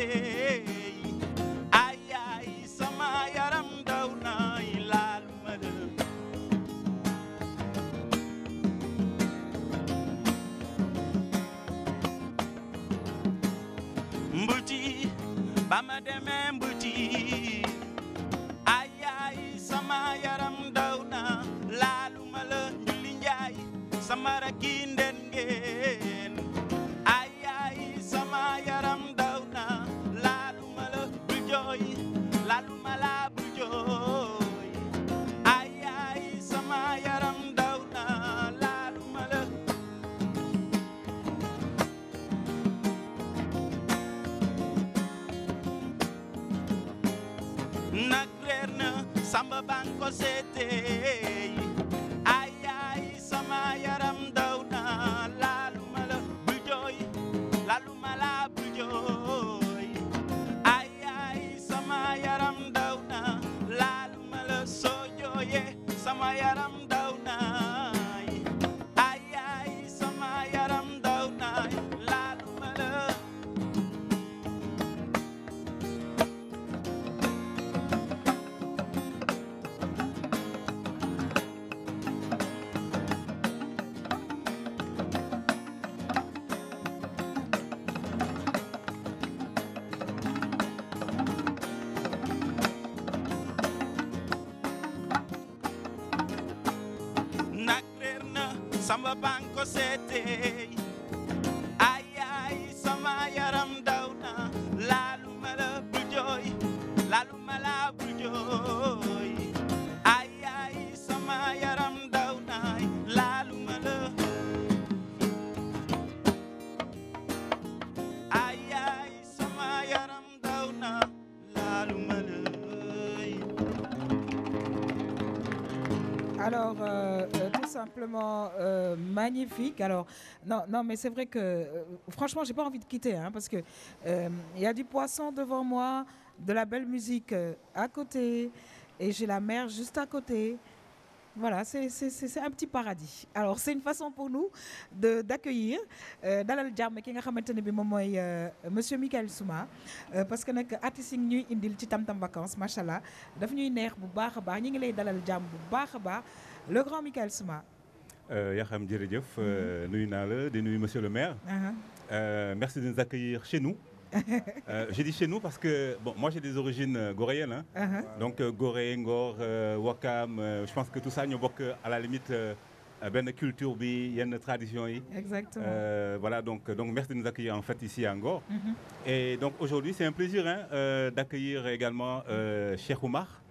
day. samba banco sete Alors, non, non mais c'est vrai que, euh, franchement, j'ai pas envie de quitter, hein, parce que euh, il y a du poisson devant moi, de la belle musique euh, à côté, et j'ai la mer juste à côté. Voilà, c'est un petit paradis. Alors, c'est une façon pour nous d'accueillir Dalal Diam qui nga monsieur Michael Souma parce que nak artiste ñuy indil ci vacances machallah daf ñuy neex le grand Michael Souma euh, euh, mhm. monsieur le maire. Uh-huh. Euh, merci de nous accueillir chez nous. j'ai dit chez nous parce que bon, moi j'ai des origines goréennes. Hein. Uh-huh. Donc Goré, Ngor, Wakam, je pense que tout ça, nous avons à la limite une culture, une tradition. Exactement. voilà, donc, donc merci de nous accueillir en fait ici à Ngor. Mm-hmm. Et donc aujourd'hui, c'est un plaisir hein, d'accueillir également Cheikh Oumar.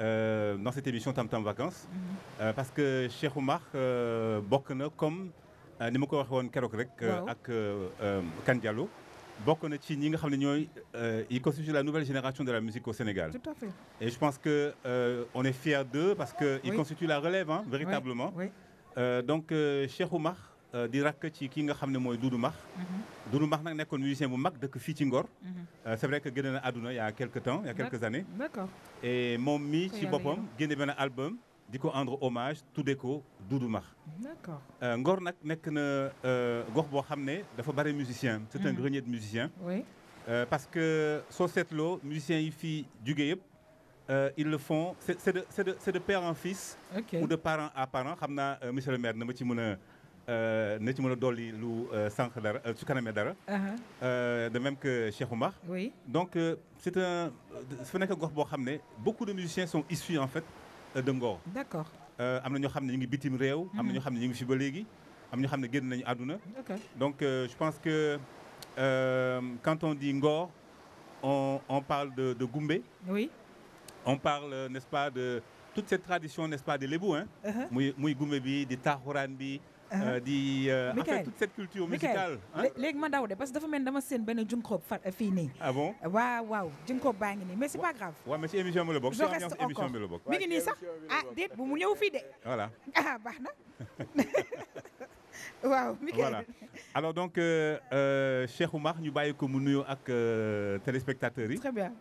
Euh, dans cette émission Tam Vacances. Mhm. Euh, parce que Cheikh Oumar euh, comme il ma ko ak la nouvelle génération de la musique au Sénégal. Tout à fait. Et je pense que on est fiers d'eux parce qu'ils constituent la relève hein, véritablement. Oui. donc euh, Cheikh Oumar euh, di rakk ci ki nga xam moy Doudou Max mhm. Doudou Max nak nekkon musicien bu mag dëkk fi ci Ngor mhm. euh, c'est vrai que génne na il y a quelques temps il y a quelques années d'accord et moom mii ci bopom génne benn album diko rendre hommage tout déco Doudou Max d'accord euh, Ngor nak nekk na gox bo xam dafa bari musicien c'est un mhm. grenier de musiciens oui parce que so setlo musiciens yi fi jugee yëpp Euh, ils le font c'est de c'est de c'est de père en fils. Okay. ou de parent à parent xamna euh, monsieur le maire na ma ci mëna euh, na ci mën doli dolli lu euh, sànq dara euh, su dara. de même que Cheikh Oumar. oui donc c'est un fu nekk gox bo xamné beaucoup de musiciens sont issus en fait de Ngor. D'accord. euh amna ñu xamné ñi ngi bitim rew amna mhm. ñu xamné ñi ngi fi ba légui amna ñu xamné genn nañu donc je pense que euh, quand on dit Ngor on on parle de de Goumbé. oui on parle nest ce pas de toute cette tradition nest ce pas de lebou hein. muy muy Goumbé bi di bi. Ah. Euh, di euh, toute cette culture musicale Hein? ma daw de parce que dafa mel dama seen ben junkoob fat euh, ah bon Waouh, waouh, junkoob mais c'est pas grave ouais, mais c'est émission bi la bokk je reste encore mi ngi nii sax ah déet bu mu ñëw fii voilà ah bah non. waouh, Michael voilà alors donc euh, Cheikh Oumar ñu bàyyi comme mu avec ak téléspectateurs yi très bien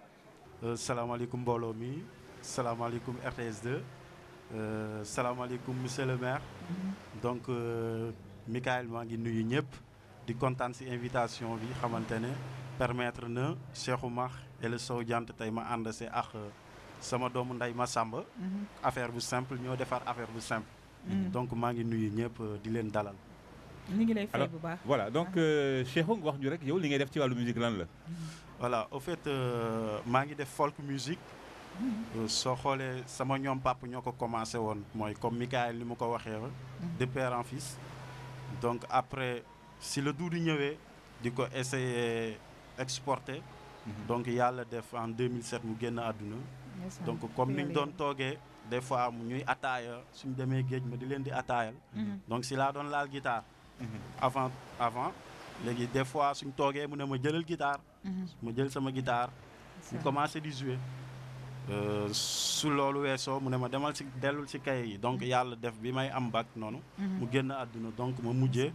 salam salaamaaleykum Bolomi. salam salaamaaleykum RTS 2 euh, salam alaykoum monsieur le maire donc euh, Michael maa ngi nuyu ñëpp di contane ci invitation bi xamantene permettre na cheikhou Oumar et le saw Diant tey ma ànd see ak euh, sama doomu ma samba mhm. affaire bu simple ñoo defar affaire bu simple mhm. donc maa ngi nuyu ñëpp di len dalal ni ngi lay fay bu baax voilà donc ah. Cheikh nga wax ñu rek yow li ngay def ci walu musique lan la mhm. voilà au fait maa ngi def folk musique euh, so xoolee sama ñom pap ñoko ko commencé woon comme Michael ni mu ko waxee mhm. de père en fils donc après si le Doudou ñëwee di ko essayer exporter mhm. donc yalla def en 2007 mu génn aduna donc comme nous ñu doon des fois mu ñuy ataaya suñu démé géej ma di leen di atayal mhm. donc si la doon laal guitare avant avant légui des fois suñ togé, mu ne ma jëlal guitare ma jël sama guitare ñu commencé di jouer euh, sous loolu wesso mu ne demal ci delul ci kaye yi donc yalla def bi may am bac noonu mhm. mu génn àdduna donc ma mujjé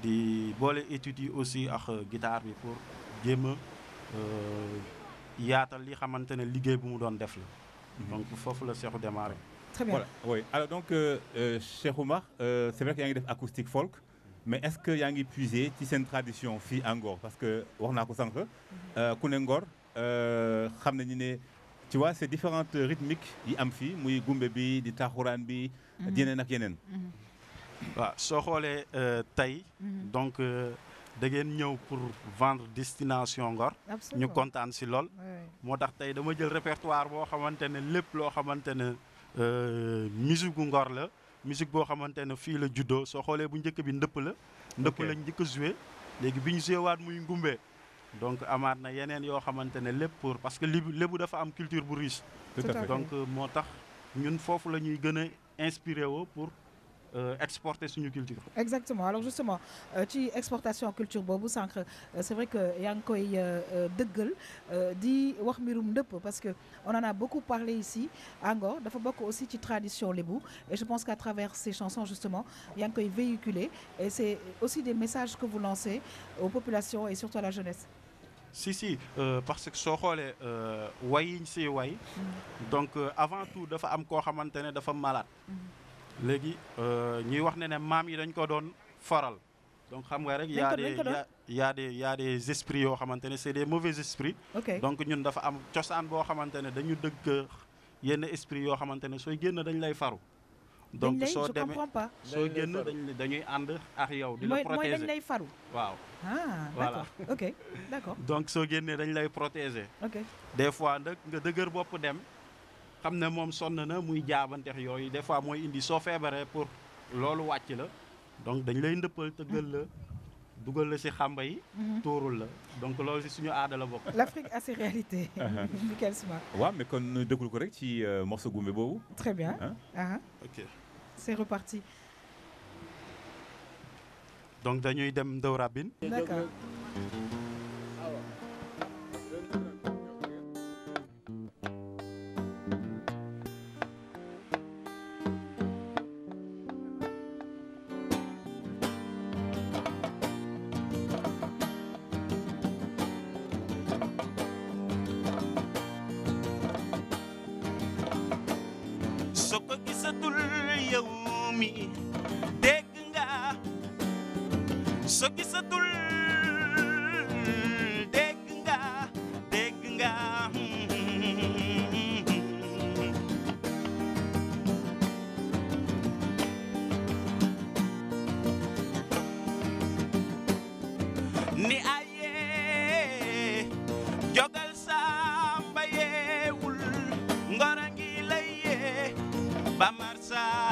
di bolé étudier aussi ak euh, guitare bi pour djema a euh, yaatal li xamantene liguey bu mu doon def la mhm. donc fofu la Cheikhou démarré très bien voilà oui alors donc Cheikh Oumar c'est vrai que yaa ngi def acoustique folk mais est-ce que yaa ngi puiser ci seen tradition fi angor parce que wax naa ko sànq mhm. ku ne Ngor xam nañu né tu vois ces différentes rythmiques yi am fi muy gumbe bi di taaxuraan bi. di mhm. ak yeneen. Mhm. waaw soo xoolee euh, tay mhm. donc euh, da ngeen ñëw pour vendre destination Ngor. ñu contane ci lool. motax tay dama jël répertoire bo xamantene lepp lo xamantene euh musique gu Ngor la musique bo xamantene fi la juddo so xolé bu njëkk bi ndëpp la. ndëpp la njëkk jouer légui biñu bi waat muy ngumbé donc Amarna, na yo yoo le pour parce que lébu dafa am culture bu donc nous, euh, nous ñun foofu pour. Euh, exporter cette culture. Exactement alors justement tu euh, exportation culture c'est vrai que Yankoy ngi dit di wax parce qu'on en a beaucoup parlé ici encore faut beaucoup aussi ci tradition et je pense qu'à travers ces chansons justement Yankoy ngi et c'est aussi des messages que vous lancez aux populations et surtout à la jeunesse. Si, si, euh, parce que ce rôle est donc euh, avant tout il faut que les malade. Les femmes euh, wax malades. faral. donc xam y' a des des des esprits yoo des mauvais esprits. donc ñun dafa am esprits qui sont donc you demee comprends pas. dañ ah d'accord ok d'accord donc so dañ lay protéger. ok des fois nak nga deuguer bop dem xamné mom na muy des fois indi pour la donc dañ lay la. la xamba yi. Mhm. donc suñu la l'Afrique a ses réalités. Uh-huh. Michael mais ko rek ci euh, morceau très bien. Hein? Uh-huh c'est reparti. Donc, Daniel dem Bin. D'accord. va a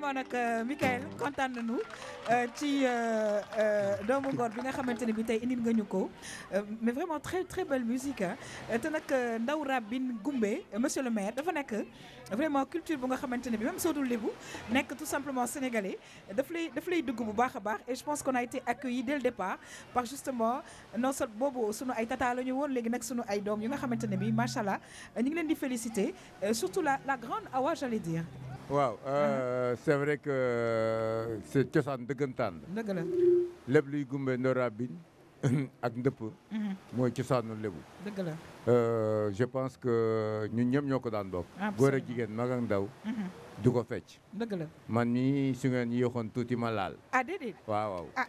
vraiment euh, nag Michael kontaan nañu euh, ci euh, euh doomu ngor bi nga xamanteni bi tay indi nga ñu mais vraiment très très belle musique hein te nak ndaw rap bi monsieur le maire dafa que vraiment culture bu nga même que tout simplement sénégalais daf lay daf lay dugg bu et je pense qu'on a été accueilli dès le départ par justement nos bobo, sunu ay tata la won légui sunu ay euh, surtout la grande Awa j'allais dire. Euh, uh-huh. c'est vrai que euh, c'est la ak ndëpp. Mhm. mooy cosaanu lébu. dëgg la. Euh, je pense que ñun ñëpp ñoo ko daan bokk. góor ak jigéen mag ak mhm. du ko fecc. dëgg la man mii su ngeen tuuti ma laal. ah déedéet waaw waaw. Ah,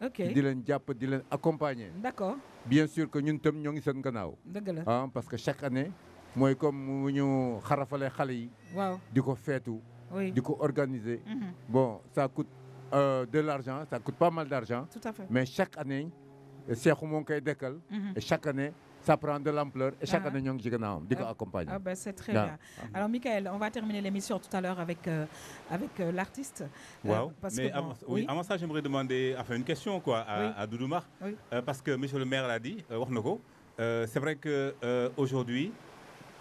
ok di leen accompagner. d'accord bien sûr que ñun itam ñoo les seen gannaaw. dëgg la ah parce que chaque année. mooy comme nous avons xarafalee xale yi. waaw di mhm. bon ça coûte euh, de l'argent ça coûte pas mal d'argent. tout à fait mais chaque année. si on ngi koy mhm. et chaque année ça prend de l'ampleur et chaque ah. année, nous avons accompagné. Ah ben, c'est très bien. Alors, Michael, on va terminer l'émission tout à l'heure avec, euh, avec euh, l'artiste. Euh, wow. Mais avant, oui, avant, ça, j'aimerais demander enfin, une question quoi, à, Doudoumar. parce que monsieur le maire l'a dit, euh, c'est vrai qu'aujourd'hui,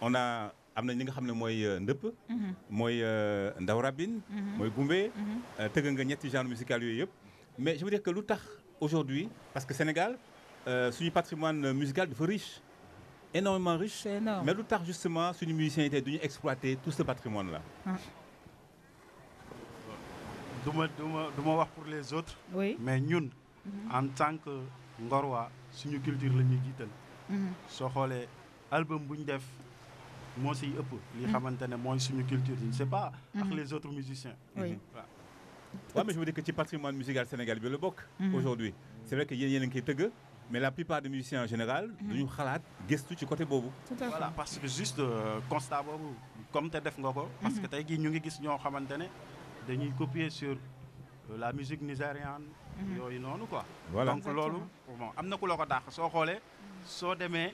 on a Amna ñinga ñi moy xam ne ndëpp mhm. mooy ndaw rabine mhm. mooy gumbe mhm. nga ñetti genre musical yëpp mais je veux dire que lutax aujourd'hui parce que Sénégal un euh, patrimoine musical très riche énormément riche mais plus tard justement les musiciens était tey exploiter tout ce patrimoine là ah. duma duma duma wax pour les autres oui mais ñun mhm. en tant que ngorwaa suñu culture la ñuy jiital mhm. soo xoolee album bu ñu def moo siy ëpp li mhm. xamante ne suñu culture je ne sais pas avec les autres musiciens oui waaw mais je veux dis que ci patrimoine musical Sénégal bi le bok aujourd'hui c'est vrai que a des a qui koy mais la plupart des musiciens en général. Mhm. du ñu xalaat gëstu ci côté boobu. voilà parce que juste euh, constat boobu comme te def nga parce que mhm. tey jii ñu ngi gis ñoo xamante ne dañuy copier sur euh, la musique nigériane. Mhm. yooyu noonu quoi. voilà donc loolu bon am na ku la ko dàq soo xoolee soo demee.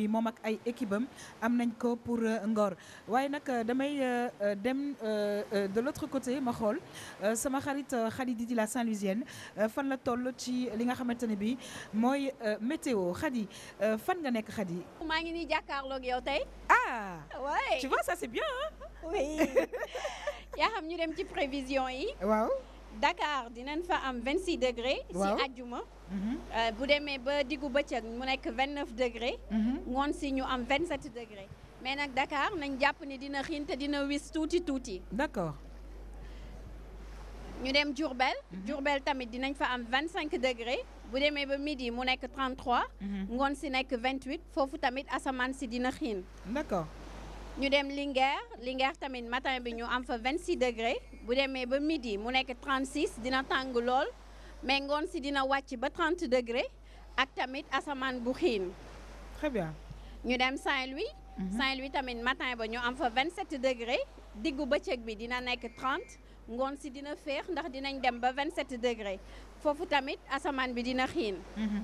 bi moom ak ay équipe am nañ ko pour euh, Ngor waye nak euh, damay euh, dem de l'autre côté ma xol sama xarit Khady Didi la Saint-Louisienne fan la toll ci li nga xamante bi moy météo Khady fan nga nek Khady. maa ngi nii jàkkaarloog yow tay ah oui tu vois ça c'est bien hein? oui Y'a xam ñu dem ci prévision yi. waaw. Dakar dinañ fa am 26 degrés si Vous mhm. euh, bu demee ba 29 degrés. vous mhm. si ñu 27 degrés. mais nag Dakar nañ jàpp ni dina xiin dina d'accord. ñu dem Diourbel. Mhm. Djourbel. tamit dinañ fa am 25 degrés. bu demee ba midi mu nekk 33. ngoon si nekk 28 degrés. tamit asamaan si dina xiin. d'accord ñu dem Linger. Linger, le matin bi ñu am fa 26 degrés. bu demee ba midi mu nekk 36 dina tàng lool mais ngoon si dina wàcc ba 30 degrés. ak tamit asamaan bu xiin. très bien. ñu dem Saint-Louis. Mhm. Saint-Louis le matin ba ñu am fa 27 degrés. diggu bëccëg bi dina nekk 30 ngon si dina fex ndax dinañ dem ba 27 degrés fofu tamit Asaman, bi dina xiin. Mhm.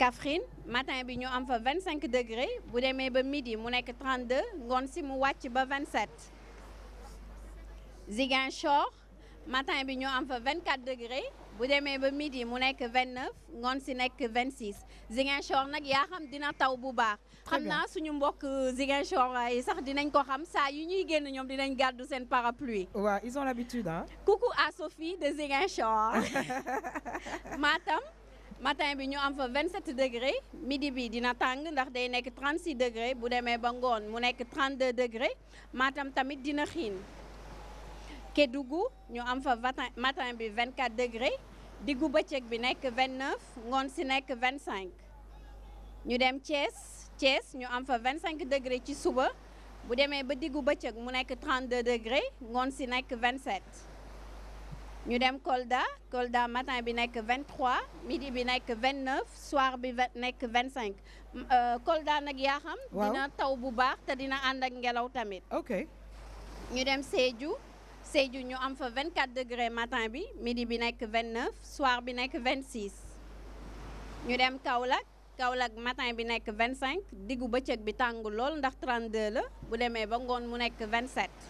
Catherine, matin bi ñu 25 degrés. bu démé ba midi mu 32 si mu wacc ba 27 matin bi ñu am 24 degrés. bu démé ba midi mu 29 26 dina taw bu baax. suñu mbokk sax dinañ ko xam yu ñuy parapluie. ils ont l'habitude hein. coucou à Sophie de Shore. Matam. matin bi ñu am fa 27 degré midi bi dina tàng ndax day nekk 36 degré bu demee ba ngoon mu nekk 32 degré Matam tamit dina xiin Kédougou ñu am fa matin bi 24 degré diggu bëccëg bi nekk 29 ngoon si nekk 25 ñu dem Thiès Thiès ñu am fa 25 degré ci suba bu demee ba diggu bëccëg mu nekk 32 degré ngoon si nekk 27 ñu dem colda Kolda matin bi nekk 23 midi bi nekk 29 soir bi nekk 25 euh, Kolda nag yaa xam. dina taw bu baax te dina ànd ak ngelaw tamit. ok ñu dem Sédhiou Sédhiou ñu am fa 24 degré matin bi midi bi nekk 29 soir bi nekk 26. ñu dem Kaolack Kaolack matin bi nekk 25 diggu bëccëg bi tàng lool ndax 32 la bu demee ba ngoon mu nekk 27.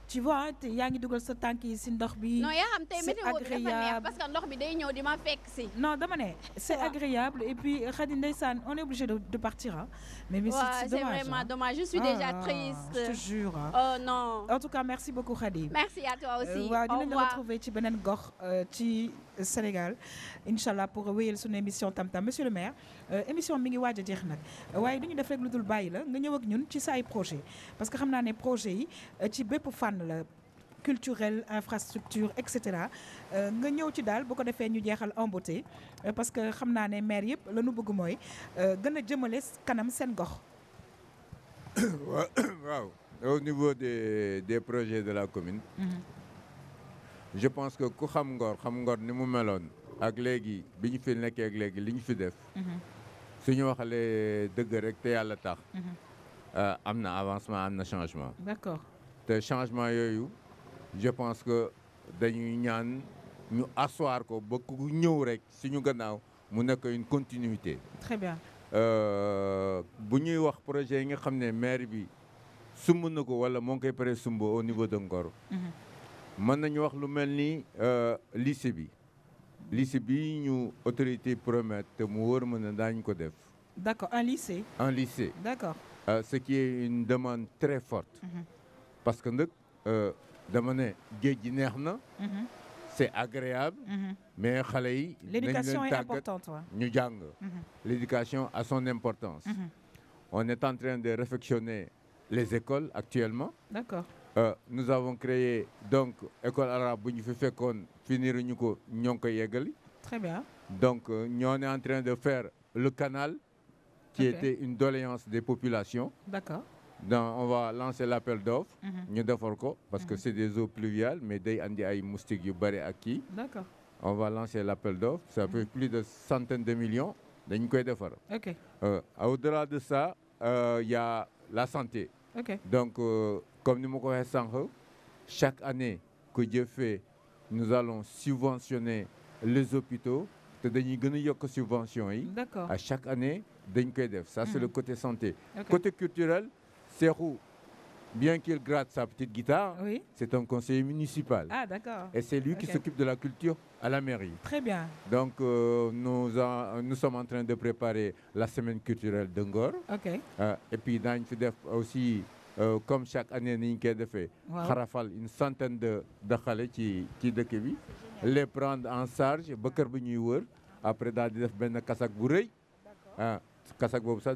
tu vois yaa ngi dougal sa tanki ci si ndox bi. non ya am tay météo parce que ndox bi day ñew di ma fekk ci non dama né c'est ah. agréable et puis Khady ndeysaan on est obligé de de partir hein. mais mais c'est dommage c'est vraiment hein. dommage je suis déjà ah, triste. je te jure hein. oh non. en tout cas merci beaucoup Khady. merci à toi aussi euh, On dinañ la retrouver ci benen gox euh, ci Sénégal Inshallah, pour wéyal sunu émission tam tam monsieur le maire euh, émission mi ngi waja a jeex nag waaye du def rek lu dul la nga ñew ak ñun ci say projet parce que xamna né projet yi ci bép fànn la culturel infrastructure etc. Euh, nga ñëw ci dal bu ko défé ñu jéxal en beauté euh, parce que xam naa ne maire yépp la ñu bëgg moy euh, gëna jëmele kanam sen gox. waaw au niveau des des projets de la commune. Mhm. je pense que ku xam Ngor xam Ngor ni mu meloon ak légui biñu fi nekkee ak légui li fi def. Mhm. suñu waxalé dëgg rek té Yalla tax. Mhm. am na avancement amna changement. d'accord te changement yooyu je pense que dañuy ñaan ñu asseoir ko ba ku ñëw rek suñu gannaaw mu une continuité. très bien. Euh, bu ñuy wax projet yi nga xam maire bi sumb na wala moo ngi koy au niveau de Ngor. Mm-hmm. mën nañu wax lu euh, lycée bi. lycée bi ñu autorité promette te mu wóor mën na ko def. d'accord un lycée. un lycée. d'accord. Euh, ce qui est une demande très forte. Mm-hmm parce que nous, euh, mhm. c'est agréable. Mhm. mais l'éducation est importante mhm. l'éducation a son importance. on est en train de réfectionner les écoles actuellement. d'accord. Euh, nous avons créé donc école arabe où très bien. donc nous sommes est en train de faire le canal. qui était une doléance des populations. d'accord on va lancer l'appel d'offres mhm. ñu ko parce que mhm. c'est des eaux pluviales mais y andi ay moustiques yu sont ak d'accord on va lancer l'appel d'offres ça fait mhm. plus de centaines de millions dañ koy defar euh, au-delà de ça il euh, y a la santé ok donc euh, comme nous, nous, ko chaque année que Dieu fait nous allons subventionner les hôpitaux te dañuy a subvention yi à chaque année dañ koy def ça c'est le côté santé côté culturel Serrou, bien qu'il gratte sa petite guitare, c'est un conseiller municipal. Ah, d'accord. Et c'est lui qui s'occupe de la culture à la mairie. Très bien. Donc, euh, nous, nous sommes en train de préparer la semaine culturelle d'Ungor. OK. Euh, et puis, dans aussi, euh, comme chaque année, nous avons fait une centaine de, de qui, qui les prendre en charge, Bakar après, ben Kassak Kassak ça,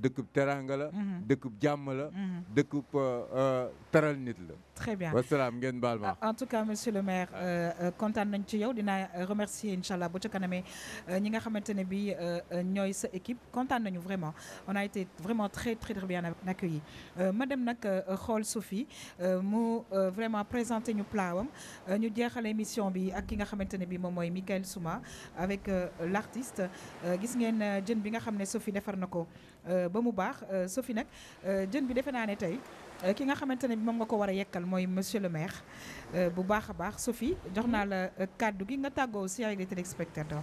dëkkub teraanga la. Mhm. dëkkub jàmm la. Mhm. dëkkub euh, euh, teral nit la. très bien Wa ngeen baal balma. Ah, en tout cas monsieur le maire euh, kontaan nañ ci yow dina remercier incha bu ca kanamee ñi nga xamantene ne bi ñoy sa équipe kontaan nañu vraiment on a été vraiment très très très bien accueilli Madame dem nag xool Sophie mu vraiment présenté ñu plaawam ñu jeexal émission bi ak ki nga xamantene bi moom mooy Michael Souma avec l'artiste gis ngeen jën bi nga xamné Sophie défar nako euh, ba euh, Sophie nak, euh, jën bi defe naa ki nga xamantene bi nga ko wara yekkal moy monsieur le maire bu baakha baax Sophie jox naa la kàddu gi nga tàggoo ci ay les téléspectateurs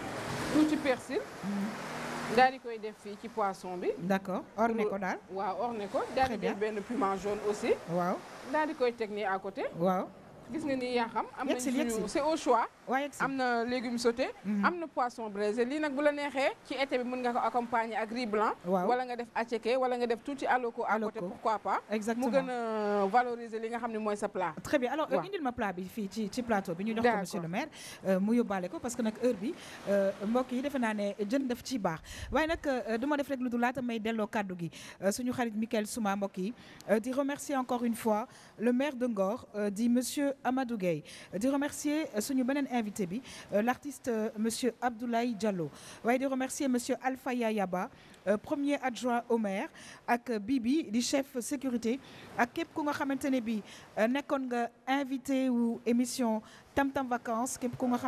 Petit persil. Mm. daal di poisson d'accord orné ko waaw orné piment jaune aussi. waaw koy à côté. c'est au choix y légumes sauté mhm. amna poisson braisé qui nak bu la ci été bi blanc wala nga def wala nga def pourquoi pas exactement valoriser li nga sa très bien alors euh, ma plat bi ci plateau bi ñu monsieur le maire euh, mu parce que heure bi euh, yi def rek Michael remercier encore une fois le maire de Ngor dit monsieur Amadou Gueye di remercier suñu invité euh, l'artiste euh, monsieur Abdoulaye Diallo waaye di remercier monsieur Alpha Yayaba euh, premier adjoint au maire ak Bibi le chef sécurité ak kep ku nga invité ou émission Tam Tam Vacances képp ku nga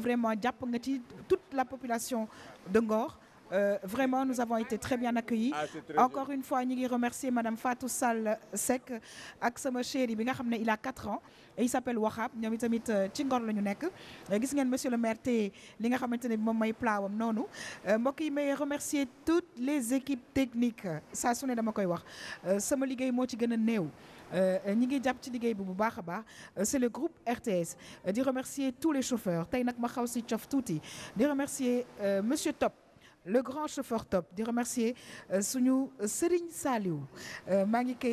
vraiment diapongati toute la population de Ngor euh, vraiment, nous avons été très bien accueillis. Ah, Encore une fois, nous remercier Madame Fatou Sal Sek, il a 4 ans et il s'appelle Wahab. Nous sommes euh, ci ngor lañu nekk euh, gis ngeen monsieur le maire té li nga xamantene mom may plawam nonu euh, mbokk yi may remercier toutes les équipes techniques ça su ne dama koy wax sama liggéey moo ci gën a néew ñi ngi jàpp ci liggéey bi bu baax baax c'est le groupe RTS di remercier tous les chauffeurs tey nag ma xaw si cof tuuti di remercier monsieur Top le grand chauffeur top De remercier euh, suñu euh, Serigne Saliou euh, Manique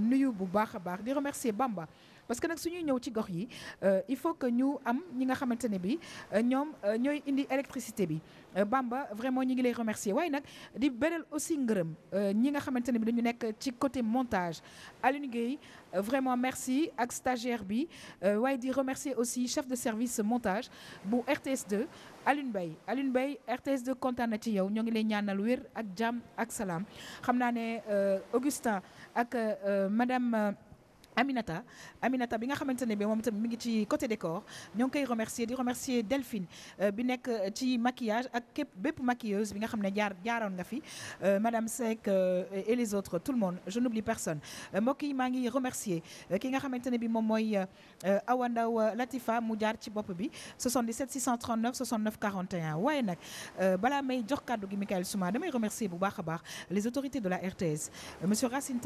nuyubu koy nuyu bu remercier Bamba parce que nak suñu ñuy ñëw ci gox yi euh, il faut que ñu am ñi nga xamantene bi euh, ñom euh, ñoy indi électricité bi Bamba vraiment ñi ngi lay remercier way nak di beral aussi ngërëm ñi nga xamantene bi dañu nekk ci côté montage Aline Gueye vraiment merci ak stagiaire bi way di remercier aussi chef de service montage bu RTS 2 Aline bay, Alioune bay, RTS 2 Contane ci yow ñoo ngi lay ñaanal wër ak jàmm ak salam xamna né Augustin ak madame Aminata Aminata bi nga xamante bi moom itam mi ngi côté décor ñoo remercier di remercier Delphine euh, bi que euh, ci maquillage ak képp bépp maquilleuse bi nga xam jaar jaaroon nga euh, madame Sec et les autres tout le monde je n'oublie personne Moi qui maa ngi remercier ki nga xamante bien bi moom mooy Latifa mu jaar ci 77 639 69 41 waaye nak. balaa may jox Michael Souma damay remercier bu les autorités de la RTS monsieur Racine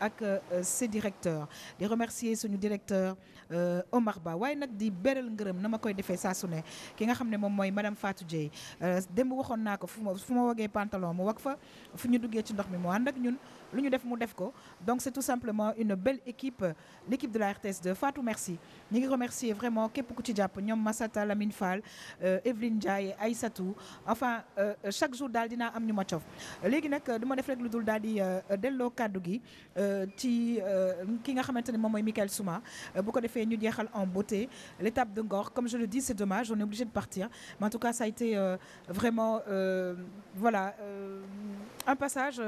ak ses directeurs de remercier son directeur euh, Omar Ba waaye nak di beral ngeureum nama koy defee sa suné ki nga xamné mom moy madame Fatou Dieye euh, waxoon waxon nako fuma fuma fu pantalon mu wag fa fu ñu duggee ci ndox mi mo ànd ak ñun donc c'est tout simplement une belle équipe l'équipe de la rts de Fatou merci ñi ngi vraiment képp ku ci Masata, Massata Lamine Fall euh, Evelyne et Aïssatou enfin euh, chaque jour d'Aldina dina am ñu ma def rek Souma euh, bu ko defé en beauté l'étape de Ngor comme je le dis c'est dommage on est obligé de partir mais en tout cas ça a été vraiment voilà un passage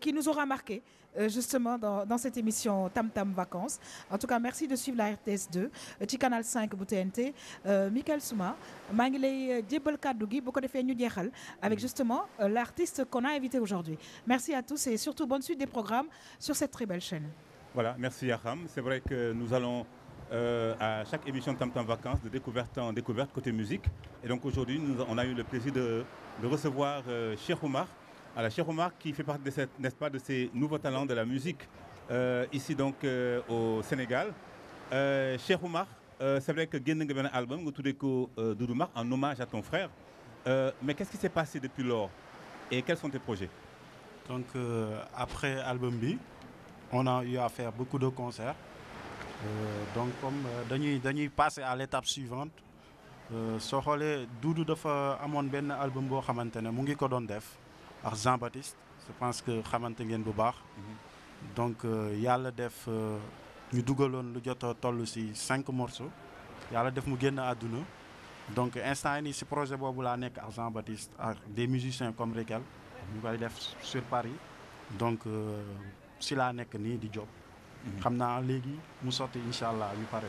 qui nous aura marqué euh, justement dans, cette émission Tam Tam Vacances. En tout cas, merci de suivre la RTS2, Tikanal euh, 5 BouTNT, NT, euh, Michael Souma Mangle ngi Kadougi, Bokodefe de avec mm. justement l'artiste qu'on a invité aujourd'hui. Merci à tous et surtout bonne suite des programmes sur cette très belle chaîne. Voilà, merci Aram. C'est vrai que nous allons à chaque émission Tam Tam Vacances, de découverte en découverte côté musique. Et donc aujourd'hui, on a eu le plaisir de, recevoir euh, Cheikh alors, cher Omar qui fait partie de cette, n'est-ce pas, de ces nouveaux talents de la musique euh, ici donc euh, au Sénégal. Euh, cher Omar, c'est vrai que as nga un album en hommage à ton frère mais qu'est-ce qui s'est passé depuis lors et quels sont tes projets donc après album B, on a eu à faire beaucoup de concerts donc comme dañuy dañuy à l'étape suivante Ce rôle, Doudou album qui a été ak Jean Baptiste je pense que xamante ngeen bu baax mhm. donc euh, yàlla def euh, ñu dugaloon lu jot toll si cinq morceaux yàlla def mu génn àdduna donc instant yi nii si projet boobu laa nekk ak Jean Baptiste ak des musiciens comme Rekel ñu koy def sur Paris donc si euh, laa nekk nii di job mhm. xam naa léegi mu sotti incha allah ñu pare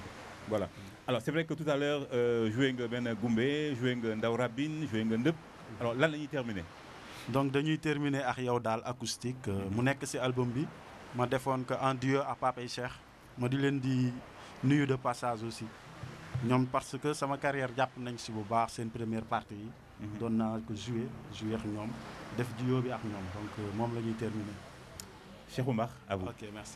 voilà alors c'est vrai que tout à l'heure joué nga benn Goumbé joué nga Ndaw Rabine joué nga Ndëpp mhm. alors lan la ñuy terminer donc dañuy terminer ak yow daal acoustique euh, mu nekk ci album bi ma defoon que en duo à Pape Cheikh ma di leen di nuyu de passage aussi ñoom parce que sama carrière jàpp nañ ci bu baax seen première partie yi. Mhm. doon naa ko jouer jouer ak ñoom def duo bi ak ñoom donc euh, moom la ñuy terminer. Cheikh Oumar à vous. ok merci.